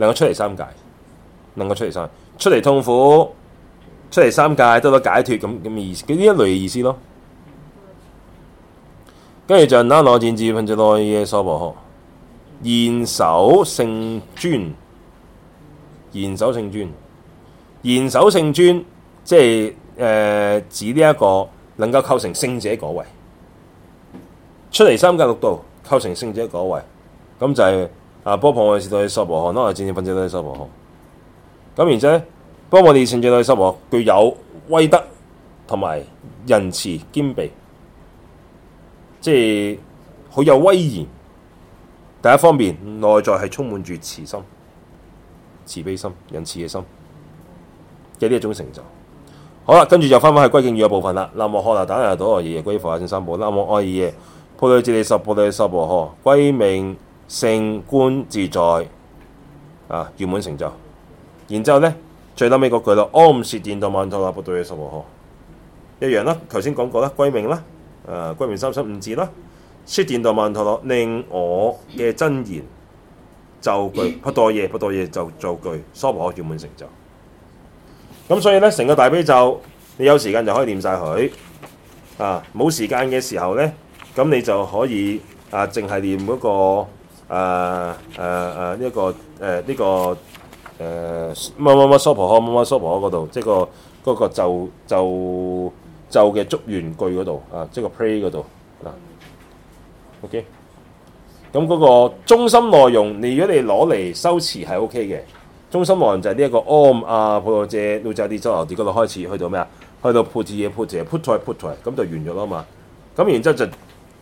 能夠出嚟三界，能夠出嚟三界，出嚟痛苦，出嚟三界得到解脫，咁咁嘅意思，呢一類嘅意思咯。跟、嗯、住就那囉謹墀皤伽囉耶娑婆訶，賢守聖尊，賢守聖尊，賢守聖尊，即係誒指呢一個能夠構成聖者果位，出嚟三界六道，構成聖者果位，咁就係、是。波旁我士多到啲娑婆訶，嗱我漸漸混跡到啲娑婆訶。咁然之後，波旁我士成就到啲娑婆，具有威德同埋仁慈兼備，即係好有威嚴。第一方面，內在係充滿住慈心、慈悲心、仁慈嘅心，呢啲一種成就。好啦，跟住就翻翻去歸敬語嘅部分啦。南無喝囉怛那哆夜夜歸佛阿正三寶，南無阿夜夜普羅哲諦十部揭諦波羅訶，歸命。聖觀自在啊，圓滿成就。然之後咧，最撈尾嗰句咯唵悉殿都曼哆囉跋陀耶娑婆訶一樣啦。頭先講過啦，歸命啦，誒、啊，歸命三身五智啦。悉殿都曼哆囉令我嘅真言就句跋陀耶跋陀耶就造句娑婆訶圓滿成就。咁所以咧，成個大悲咒，你有時間就可以念晒佢啊。冇時間嘅時候咧，咁你就可以啊，淨係念嗰個。誒誒誒呢個誒呢個誒乜乜乜 supper 可乜乜 supper 可嗰度，即係個嗰個就就就嘅祝願句嗰度啊，即係個 pray 嗰度嗱。OK，咁嗰個中心內容，你如果你攞嚟修詞係 OK 嘅。中心內容就係呢一個 a 啊，抱抱借老仔跌咗跌度開始，去到咩啊？去到 put 嘢 put put put 咁就完咗啦嘛。咁然之後就。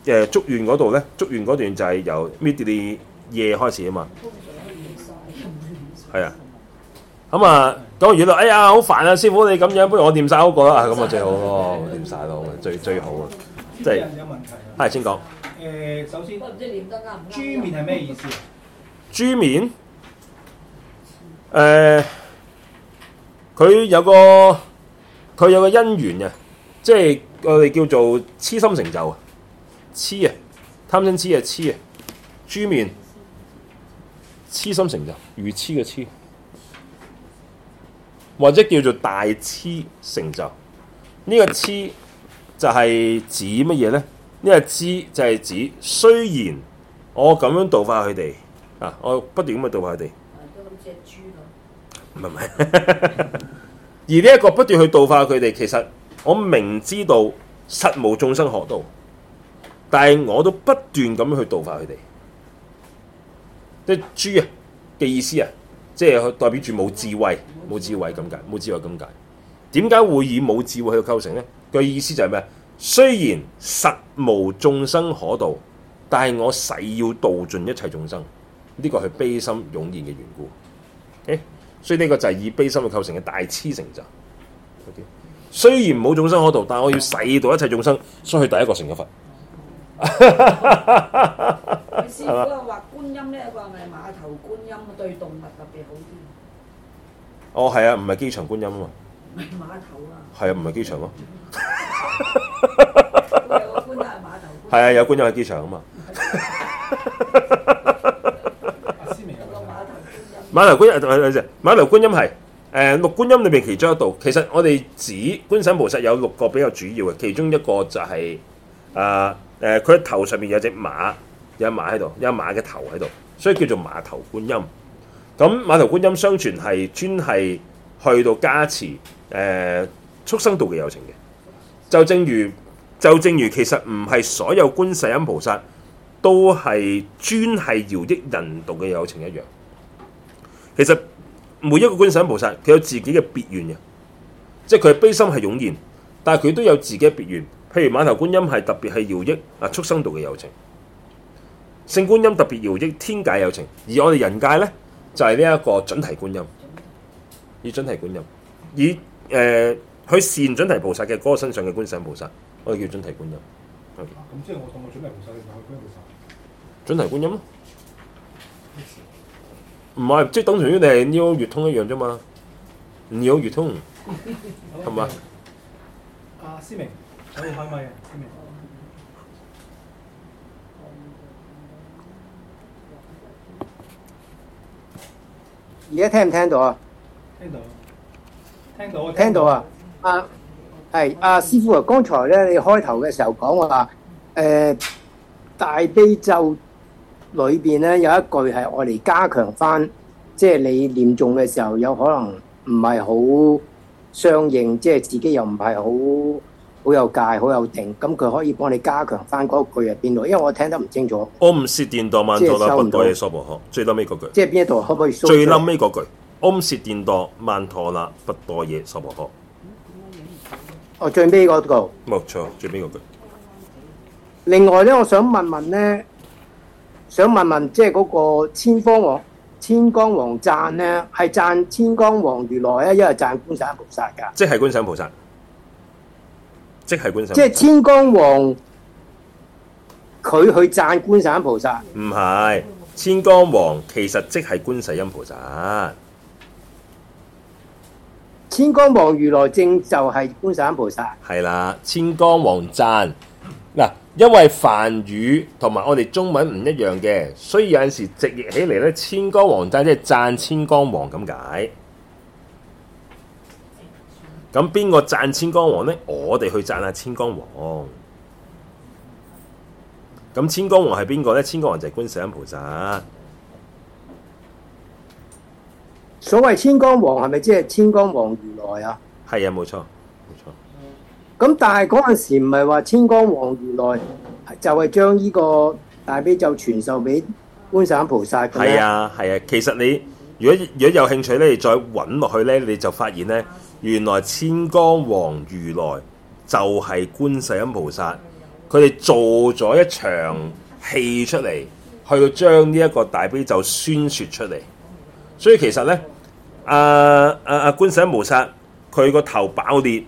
誒，祝願嗰度咧，祝願嗰段就係由 midnight 夜開始啊嘛，係、嗯、啊。咁、嗯、啊，講完啦。哎呀，好煩啊！師傅你咁樣，不如我念晒好個啦，咁、嗯、啊、嗯嗯、最好咯，念晒咯，最最好啊，即係係先講誒、呃。首先唔知念得啱豬面係咩意思？豬面誒，佢、呃、有個佢有個因緣啊，即係我哋叫做痴心成就啊。痴啊，貪嗔癡啊，癡啊，豬面癡心成就如癡嘅癡，或者叫做大癡成就。這個、就呢、這個癡就係指乜嘢咧？呢個知」就係指雖然我咁樣度化佢哋啊，我不斷咁啊度化佢哋，隻豬咯。唔係唔係，而呢一個不斷去度化佢哋，其實我明知道實無眾生學道。但係我都不斷咁去度化佢哋，即係豬啊嘅意思啊，即係代表住冇智慧、冇智慧咁解、冇智慧咁解。點解會以冇智慧去構成咧？佢意思就係咩？雖然實無眾生可度，但係我誓要度盡一切眾生。呢個係悲心湧現嘅緣故。所以呢個就係以悲心去構成嘅大痴成就。雖然冇眾生可度，但我要誓度一切眾生，所以佢第一個成咗佛。哈哈哈！哈哈哈！哈哈哈！師傅又話觀音咧？個係咪碼頭觀音，對動物特別好啲？哦，係啊，唔係機場觀音啊嘛。碼頭啊。係啊，唔係機場咯。哈哈哈！哈哈哈！係啊，有觀音喺機場啊嘛。哈哈哈！哈哈哈！哈哈哈！碼頭觀音？碼頭觀音係誒六觀音裡面其中一度。其實我哋指觀世音菩薩有六個比較主要嘅，其中一個就係、是、啊。呃誒、呃，佢嘅頭上面有隻馬，有馬喺度，有馬嘅頭喺度，所以叫做馬頭觀音。咁馬頭觀音相傳係專係去到加持誒、呃、畜生道嘅有情嘅。就正如就正如其實唔係所有觀世音菩薩都係專係饒益人道嘅有情一樣。其實每一個觀世音菩薩佢有自己嘅別願嘅，即係佢悲心係湧現，但係佢都有自己嘅別願。譬如馬頭觀音係特別係饒益啊，畜生道嘅有情；聖觀音特別饒益天界有情。而我哋人界咧就係呢一個準提觀音，以準提觀音，以誒去示現準提菩薩嘅嗰個身上嘅觀世音菩薩，我哋叫準提觀音。咁即係我當個準提菩薩，定係觀世音菩薩？準提觀音咯，唔係即係等同於你要月通一樣啫嘛，唔有月通係嘛？阿 思、啊、明。可以可以嘅，而家聽唔聽到啊？聽到，聽到啊！聽到，聽到啊！阿係阿師傅啊！剛才咧，你開頭嘅時候講話誒大悲咒裏邊咧有一句係愛嚟加強翻，即係你念誦嘅時候有可能唔係好相應，即係自己又唔係好。好有戒，好有定，咁佢可以幫你加強翻嗰句係邊度？因為我聽得唔清楚。我唔是電度曼陀啦，不多耶娑婆訶。最屘嗰句。即係邊一度，可唔可以？最屘嗰句。我唔是電度曼陀啦，不多耶娑婆訶。哦，最尾嗰句。冇錯，最尾嗰句。另外咧，我想問問咧，想問問，即係嗰個千,千光王千光王讚咧，係、嗯、讚千光王如來咧，一係讚觀世音菩薩噶？即、就、係、是、觀世音菩薩。即係觀世音菩薩，即係千光王，佢去讚觀世音菩薩。唔係，千光王其實即係觀世音菩薩。千光王如來正就係觀世音菩薩。係啦，千光王讚。嗱，因為梵語同埋我哋中文唔一樣嘅，所以有陣時直譯起嚟咧，千光王讚即係讚千光王咁解。咁邊個贊千光王呢？我哋去贊下千光王。咁千光王係邊個呢？千光王就係觀世音菩薩。所謂千光王係咪即係千光王如來啊？係啊，冇錯，冇錯。咁但係嗰陣時唔係話千光王如來就係將呢個大悲咒傳授俾觀世音菩薩嘅咩？係啊，係啊。其實你如果如果有興趣咧，你再搵落去咧，你就發現咧。原來千光王如來就係觀世音菩薩，佢哋做咗一場戲出嚟，去到將呢一個大悲咒宣説出嚟。所以其實呢，阿阿阿觀世音菩薩佢個頭爆裂，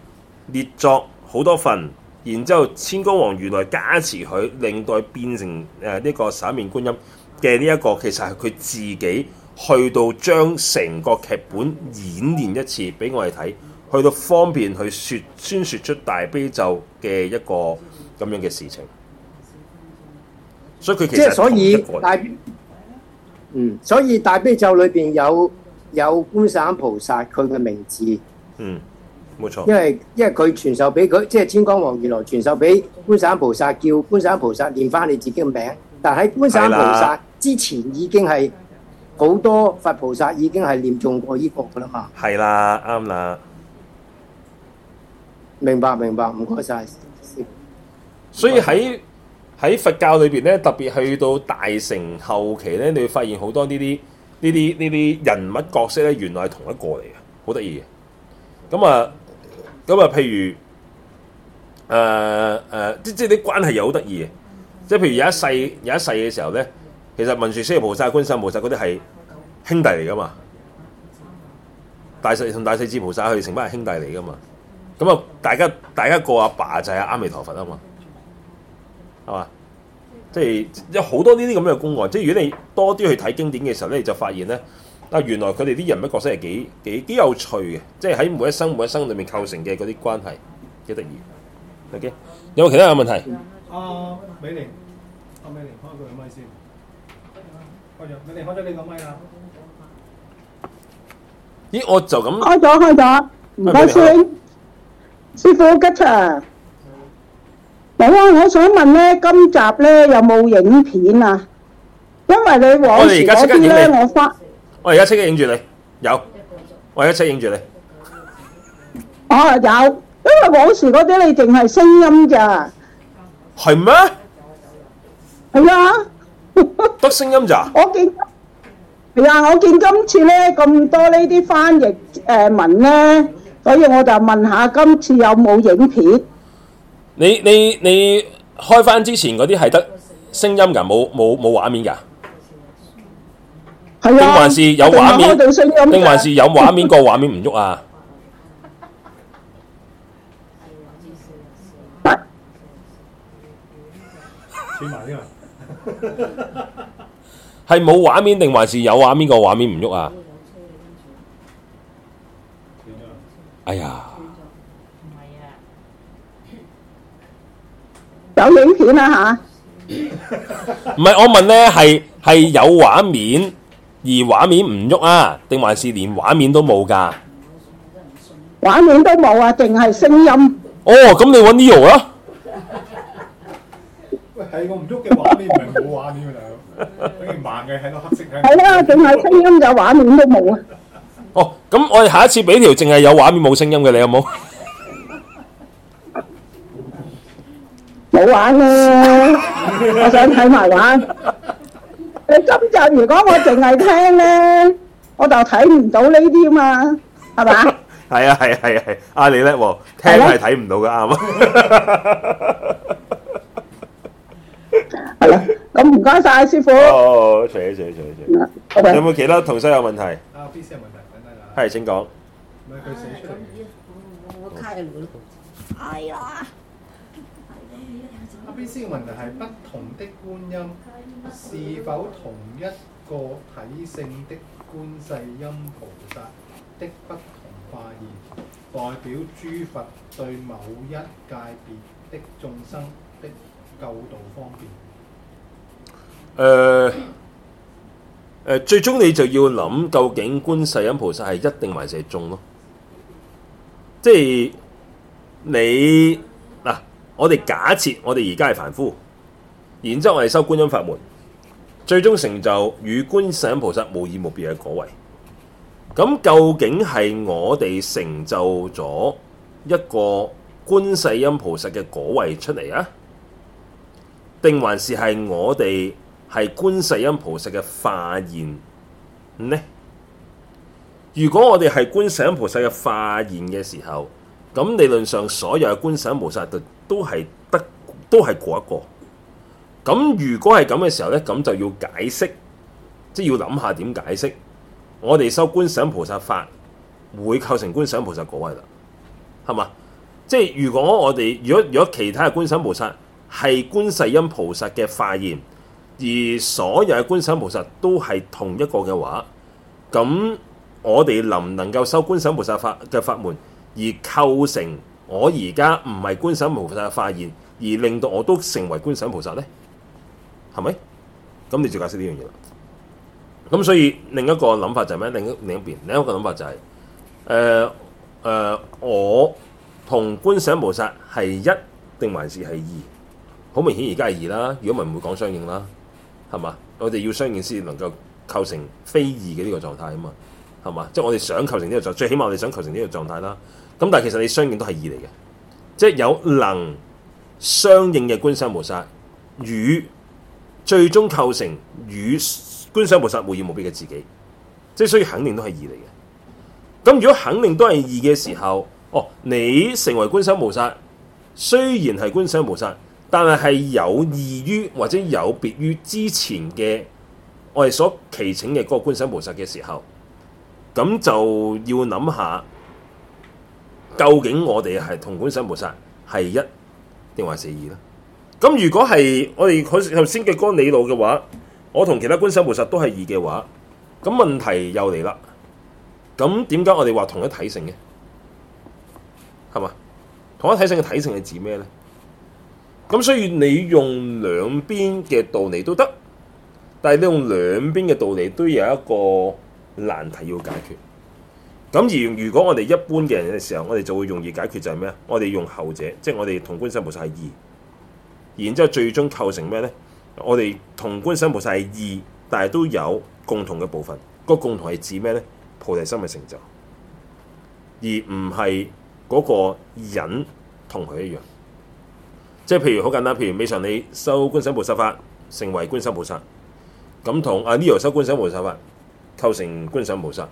裂作好多份，然之後千光王如來加持佢，令到佢變成誒呢個十一面觀音嘅呢一個，其實係佢自己。去到將成個劇本演練一次俾我哋睇，去到方便去説宣説出大悲咒嘅一個咁樣嘅事情。所以佢即係所以大嗯，所以大悲咒裏邊有有觀世音菩薩佢嘅名字。嗯，冇錯。因為因為佢傳授俾佢，即係千光王如來傳授俾觀世音菩薩，叫觀世音菩薩念翻你自己嘅名。但喺觀世音菩薩之前已經係。好多佛菩薩已經係念誦過依個噶啦嘛，係啦，啱啦，明白明白，唔該晒。所以喺喺佛教裏邊咧，特別去到大乘後期咧，你會發現好多呢啲呢啲呢啲人物角色咧，原來係同一個嚟嘅，好得意嘅。咁啊，咁啊，譬如誒誒、呃呃，即係啲關係又好得意嘅，即係譬如有一世有一世嘅時候咧。其實文殊師利菩薩、觀世音菩薩嗰啲係兄弟嚟噶嘛？大勢同大勢至菩薩佢哋成班係兄弟嚟噶嘛？咁啊，大家大家個阿爸就係阿彌陀佛啊嘛，係嘛？即係有好多呢啲咁嘅公案。即係如果你多啲去睇經典嘅時候咧，你就發現咧，嗱，原來佢哋啲人物角色係幾幾幾有趣嘅。即係喺每一生每一生裏面構成嘅嗰啲關係，幾得意。OK，有冇其他嘅問題？阿、啊、美玲，阿、啊、美玲，開個麥先。開咗，你哋開咗你個麥啦。咦，我就咁。開咗，開咗，唔該先，師傅吉祥啊。嗱，我我想問咧，今集咧有冇影片啊？因為你往時嗰啲咧，我發。我而家即刻影住你，有。我而家即刻影住你。哦，有，因為往時嗰啲你淨係聲音咋。係咩？係啊。得聲音咋？我見係啊，我見今次咧咁多呢啲翻譯誒文咧，所以我就問下，今次有冇影片？你你你開返之前嗰啲係得聲音㗎，冇冇冇畫面㗎？係啊，定還是有畫面？定還是有畫面？個畫面唔喐啊？聽埋先啦。係冇畫面，定還是有畫面？個畫面唔喐啊？哎呀，有影片啊吓，唔係我問呢，係係有畫面而畫面唔喐啊，定還是連畫面都冇噶？畫面都冇啊，定係聲音？哦，咁你搵啲油囉！睇我唔喐嘅畫面，呢唔係冇畫面嘅嘛，佢盲嘅，睇到黑色。係啦，淨係聲音就畫面都冇啊！哦，咁我哋下一次俾條淨係有畫面冇聲音嘅，你有冇？冇玩啊！我想睇埋玩。你今日如果我淨係聽咧，我就睇唔到呢啲嘛，係嘛？係啊係啊係啊係啊！啊你叻喎，聽係睇唔到嘅啱啊！係啦，咁唔該晒師傅。好，好，隨住，隨、okay. 有冇其他同事有問題？阿 B C 有問題，係，請講。係佢寫錯咗。係啊。阿 B C 嘅問題係不同的觀音、啊、是否同一個體性的觀世音菩薩的不同化現，啊、代表諸佛對某一界別的眾生的救度方便。誒、呃呃、最終你就要諗究竟觀世音菩薩係一定還是係中咯？即係你嗱、啊，我哋假設我哋而家係凡夫，然之後我哋修觀音法門，最終成就與觀世音菩薩無二無別嘅果位。咁究竟係我哋成就咗一個觀世音菩薩嘅果位出嚟啊？定還是係我哋？係觀世音菩薩嘅化現呢？如果我哋係觀世音菩薩嘅化現嘅時候，咁理論上所有嘅觀世音菩薩都都係得都係嗰一個。咁如果係咁嘅時候呢，咁就要解釋，即係要諗下點解釋。我哋修觀世音菩薩法會構成觀世音菩薩嗰位啦，係嘛？即係如果我哋如果如果其他嘅觀世音菩薩係觀世音菩薩嘅化現。而所有嘅觀想菩薩都係同一個嘅話，咁我哋能唔能夠修觀想菩薩法嘅法門，而構成我而家唔係觀想菩薩嘅化現，而令到我都成為觀想菩薩呢？係咪？咁你就解釋呢樣嘢啦。咁所以另一個諗法就係咩？另一另一邊另一個諗法就係誒誒，我同觀想菩薩係一定還是係二？好明顯而家係二啦，如果咪唔會講相應啦。係嘛？我哋要相應先能夠構成非二嘅呢個狀態啊嘛，係嘛？即係我哋想構成呢個狀，最起碼我哋想構成呢個狀態啦。咁但係其實你相應都係二嚟嘅，即係有能相應嘅觀想菩薩與最終構成與觀想菩薩無染無別嘅自己，即係所以肯定都係二嚟嘅。咁如果肯定都係二嘅時候，哦，你成為觀想菩薩，雖然係觀想菩薩。但係係有異於或者有別於之前嘅我哋所祈請嘅嗰個觀世菩薩嘅時候，咁就要諗下究竟我哋係同觀世菩薩係一定還是二咧？咁如果係我哋佢頭先嘅嗰個理路嘅話，我同其他觀世菩薩都係二嘅話，咁問題又嚟啦。咁點解我哋話同一體性嘅？係嘛，同一體性嘅體性係指咩咧？咁所以你用兩邊嘅道理都得，但係你用兩邊嘅道理都有一個難題要解決。咁而如果我哋一般嘅人嘅時候，我哋就會容易解決就係咩啊？我哋用後者，即係我哋同觀世菩薩係二，然之後最終構成咩呢？我哋同觀世菩薩係二，但係都有共同嘅部分。個共同係指咩呢？菩提心嘅成就，而唔係嗰個人同佢一樣。即係譬如好簡單，譬如美常你修觀音菩薩法，成為觀音菩薩，咁同阿、啊、尼姚修觀音菩薩法構成觀音菩薩。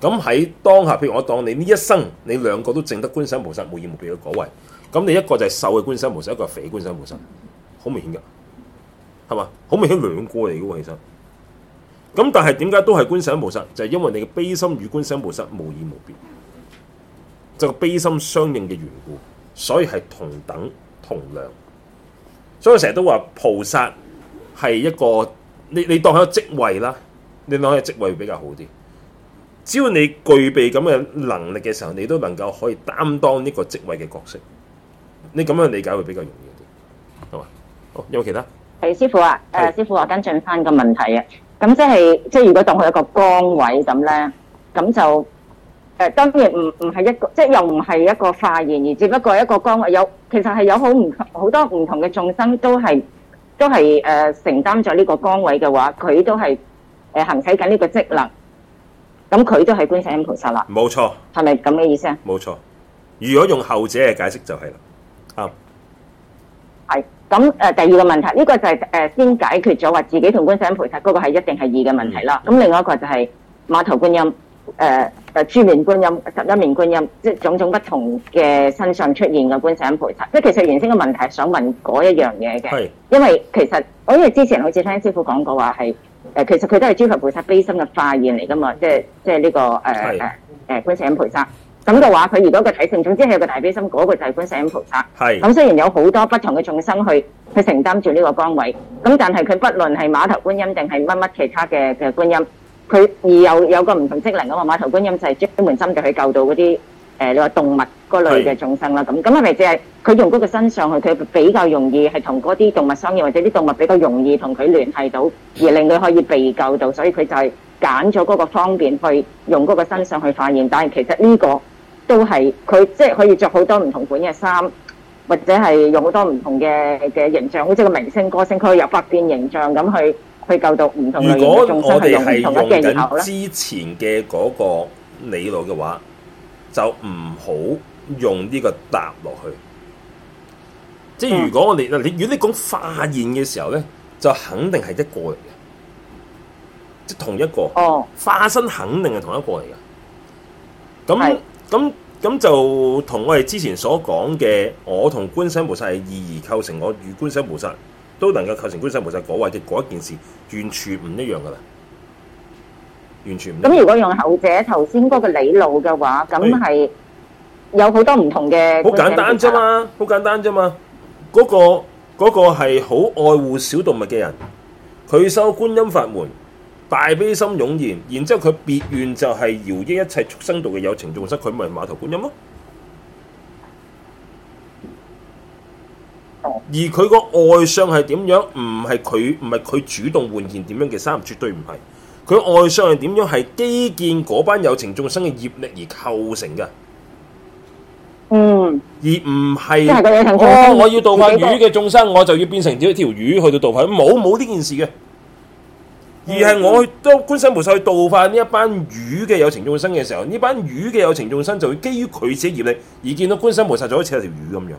咁喺當下，譬如我當你呢一生，你兩個都證得觀音菩薩無二無別嘅果位，咁你一個就係瘦嘅觀音菩薩，一個係肥觀音菩薩，好明顯㗎，係嘛？好明顯兩個嚟嘅喎，其實。咁但係點解都係觀音菩薩？就係、是、因為你嘅悲心與觀音菩薩無二無別，就個、是、悲心相應嘅緣故，所以係同等。能量，所以我成日都話菩薩係一個，你你當佢個職位啦，你當佢職位會比較好啲。只要你具備咁嘅能力嘅時候，你都能夠可以擔當呢個職位嘅角色。你咁樣理解會比較容易啲，好嘛？好，有冇其他？係師傅啊，誒，師傅啊，我跟進翻個問題啊。咁即係，即係如果當佢一個崗位咁咧，咁就。當然唔唔係一個，即係又唔係一個化現，而只不過一個崗位有，其實係有好唔好多唔同嘅眾生都係都係誒、呃、承擔咗呢個崗位嘅話，佢都係誒、呃、行使緊呢個職能，咁佢都係觀世音菩薩啦。冇錯，係咪咁嘅意思啊？冇錯，如果用後者嘅解釋就係啦，啱。係咁誒，第二個問題，呢、這個就係、是、誒、呃、先解決咗話自己同觀世音菩薩，嗰、那個係一定係二嘅問題啦。咁、嗯、另外一個就係馬頭觀音。誒、呃、誒，諸面觀音，十一面觀音，即係種種不同嘅身上出現嘅觀世音菩薩。即係其實原先嘅問題係想問嗰一樣嘢嘅，因為其實我因為之前好似聽師傅講過話係誒、呃，其實佢都係諸佛菩薩悲心嘅化現嚟噶嘛，即係即係、這、呢個誒誒誒觀世音菩薩。咁嘅話，佢如果個體性，總之係有個大悲心，嗰、那個就係觀世音菩薩。係咁，雖然有好多不同嘅眾生去去承擔住呢個崗位，咁但係佢不論係馬頭觀音定係乜乜其他嘅嘅觀音。佢而有有個唔同職能啊嘛，馬頭觀音就係專專門針對去救到嗰啲誒，你話動物嗰類嘅眾生啦。咁咁係咪即係佢用嗰個身上去，佢比較容易係同嗰啲動物相應，或者啲動物比較容易同佢聯繫到，而令佢可以被救到。所以佢就係揀咗嗰個方便去用嗰個身上去發現。但係其實呢個都係佢即係可以著好多唔同款嘅衫，或者係用好多唔同嘅嘅形象，好似個明星歌星，佢可以有百變形象咁去。到唔同，如果我哋係用緊之前嘅嗰個理論嘅話，就唔好用呢個答落去。即係如果我哋你如果你講化、嗯、現嘅時候咧，就肯定係一個嚟嘅，即係同一個。哦，化身肯定係同一個嚟嘅。咁咁咁就同我哋之前所講嘅，我同觀音菩薩係意而構成我與觀音菩薩，都能夠構成觀世音菩薩果位，即嗰一件事，完全唔一樣噶啦，完全唔一樣。咁如果用後者頭先嗰個理路嘅話，咁係有好多唔同嘅。好簡單啫嘛，好簡單啫嘛。嗰、嗰個嗰係好愛護小動物嘅人，佢修觀音法門，大悲心湧現，然之後佢別願就係饒益一切畜生道嘅有情眾生，佢咪係馬頭觀音咯。而佢個外相係點樣？唔係佢，唔係佢主動換件點樣嘅，衫，絕對唔係。佢外相係點樣？係基建嗰班有情眾生嘅業力而構成嘅。嗯，而唔係哦，我要度化魚嘅眾生會會，我就要變成一條魚去到度化，冇冇呢件事嘅。而係我當去當觀世菩薩去度化呢一班魚嘅有情眾生嘅時候，呢、嗯、班魚嘅有情眾生就會基於佢自己業力而見到觀世菩薩，就好似一條魚咁樣。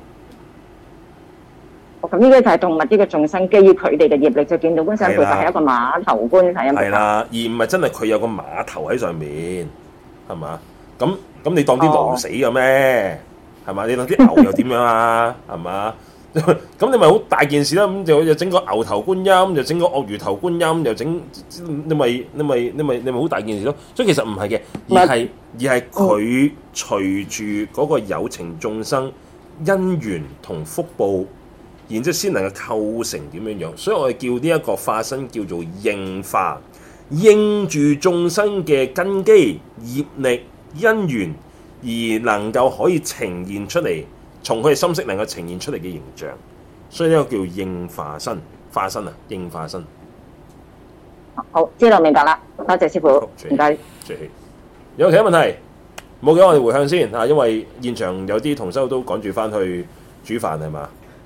呢個就係動物呢個眾生，基於佢哋嘅業力就見到觀世音，佢就係一個馬頭觀世音啊，係啦，而唔係真係佢有個馬頭喺上面，係嘛？咁咁你當啲狼死咁咩？係、哦、嘛？你當啲牛又點樣啊？係 嘛是吧？咁 你咪好大件事啦！咁又又整個牛頭觀音，又整個鱷魚頭觀音，又整你咪你咪你咪你咪好大件事咯！所以其實唔係嘅，而係而係佢隨住嗰個有情眾生因緣同福報。然之後先能夠構成點樣樣，所以我哋叫呢一個化身叫做應化，應住眾生嘅根基、業力、因緣而能夠可以呈現出嚟，從佢哋心識能夠呈現出嚟嘅形象，所以呢個叫應化身，化身啊，應化身。好，知道明白啦，多謝師傅。唔該。有其他問題？冇嘅，我哋回向先啊，因為現場有啲同修都趕住翻去煮飯，係嘛。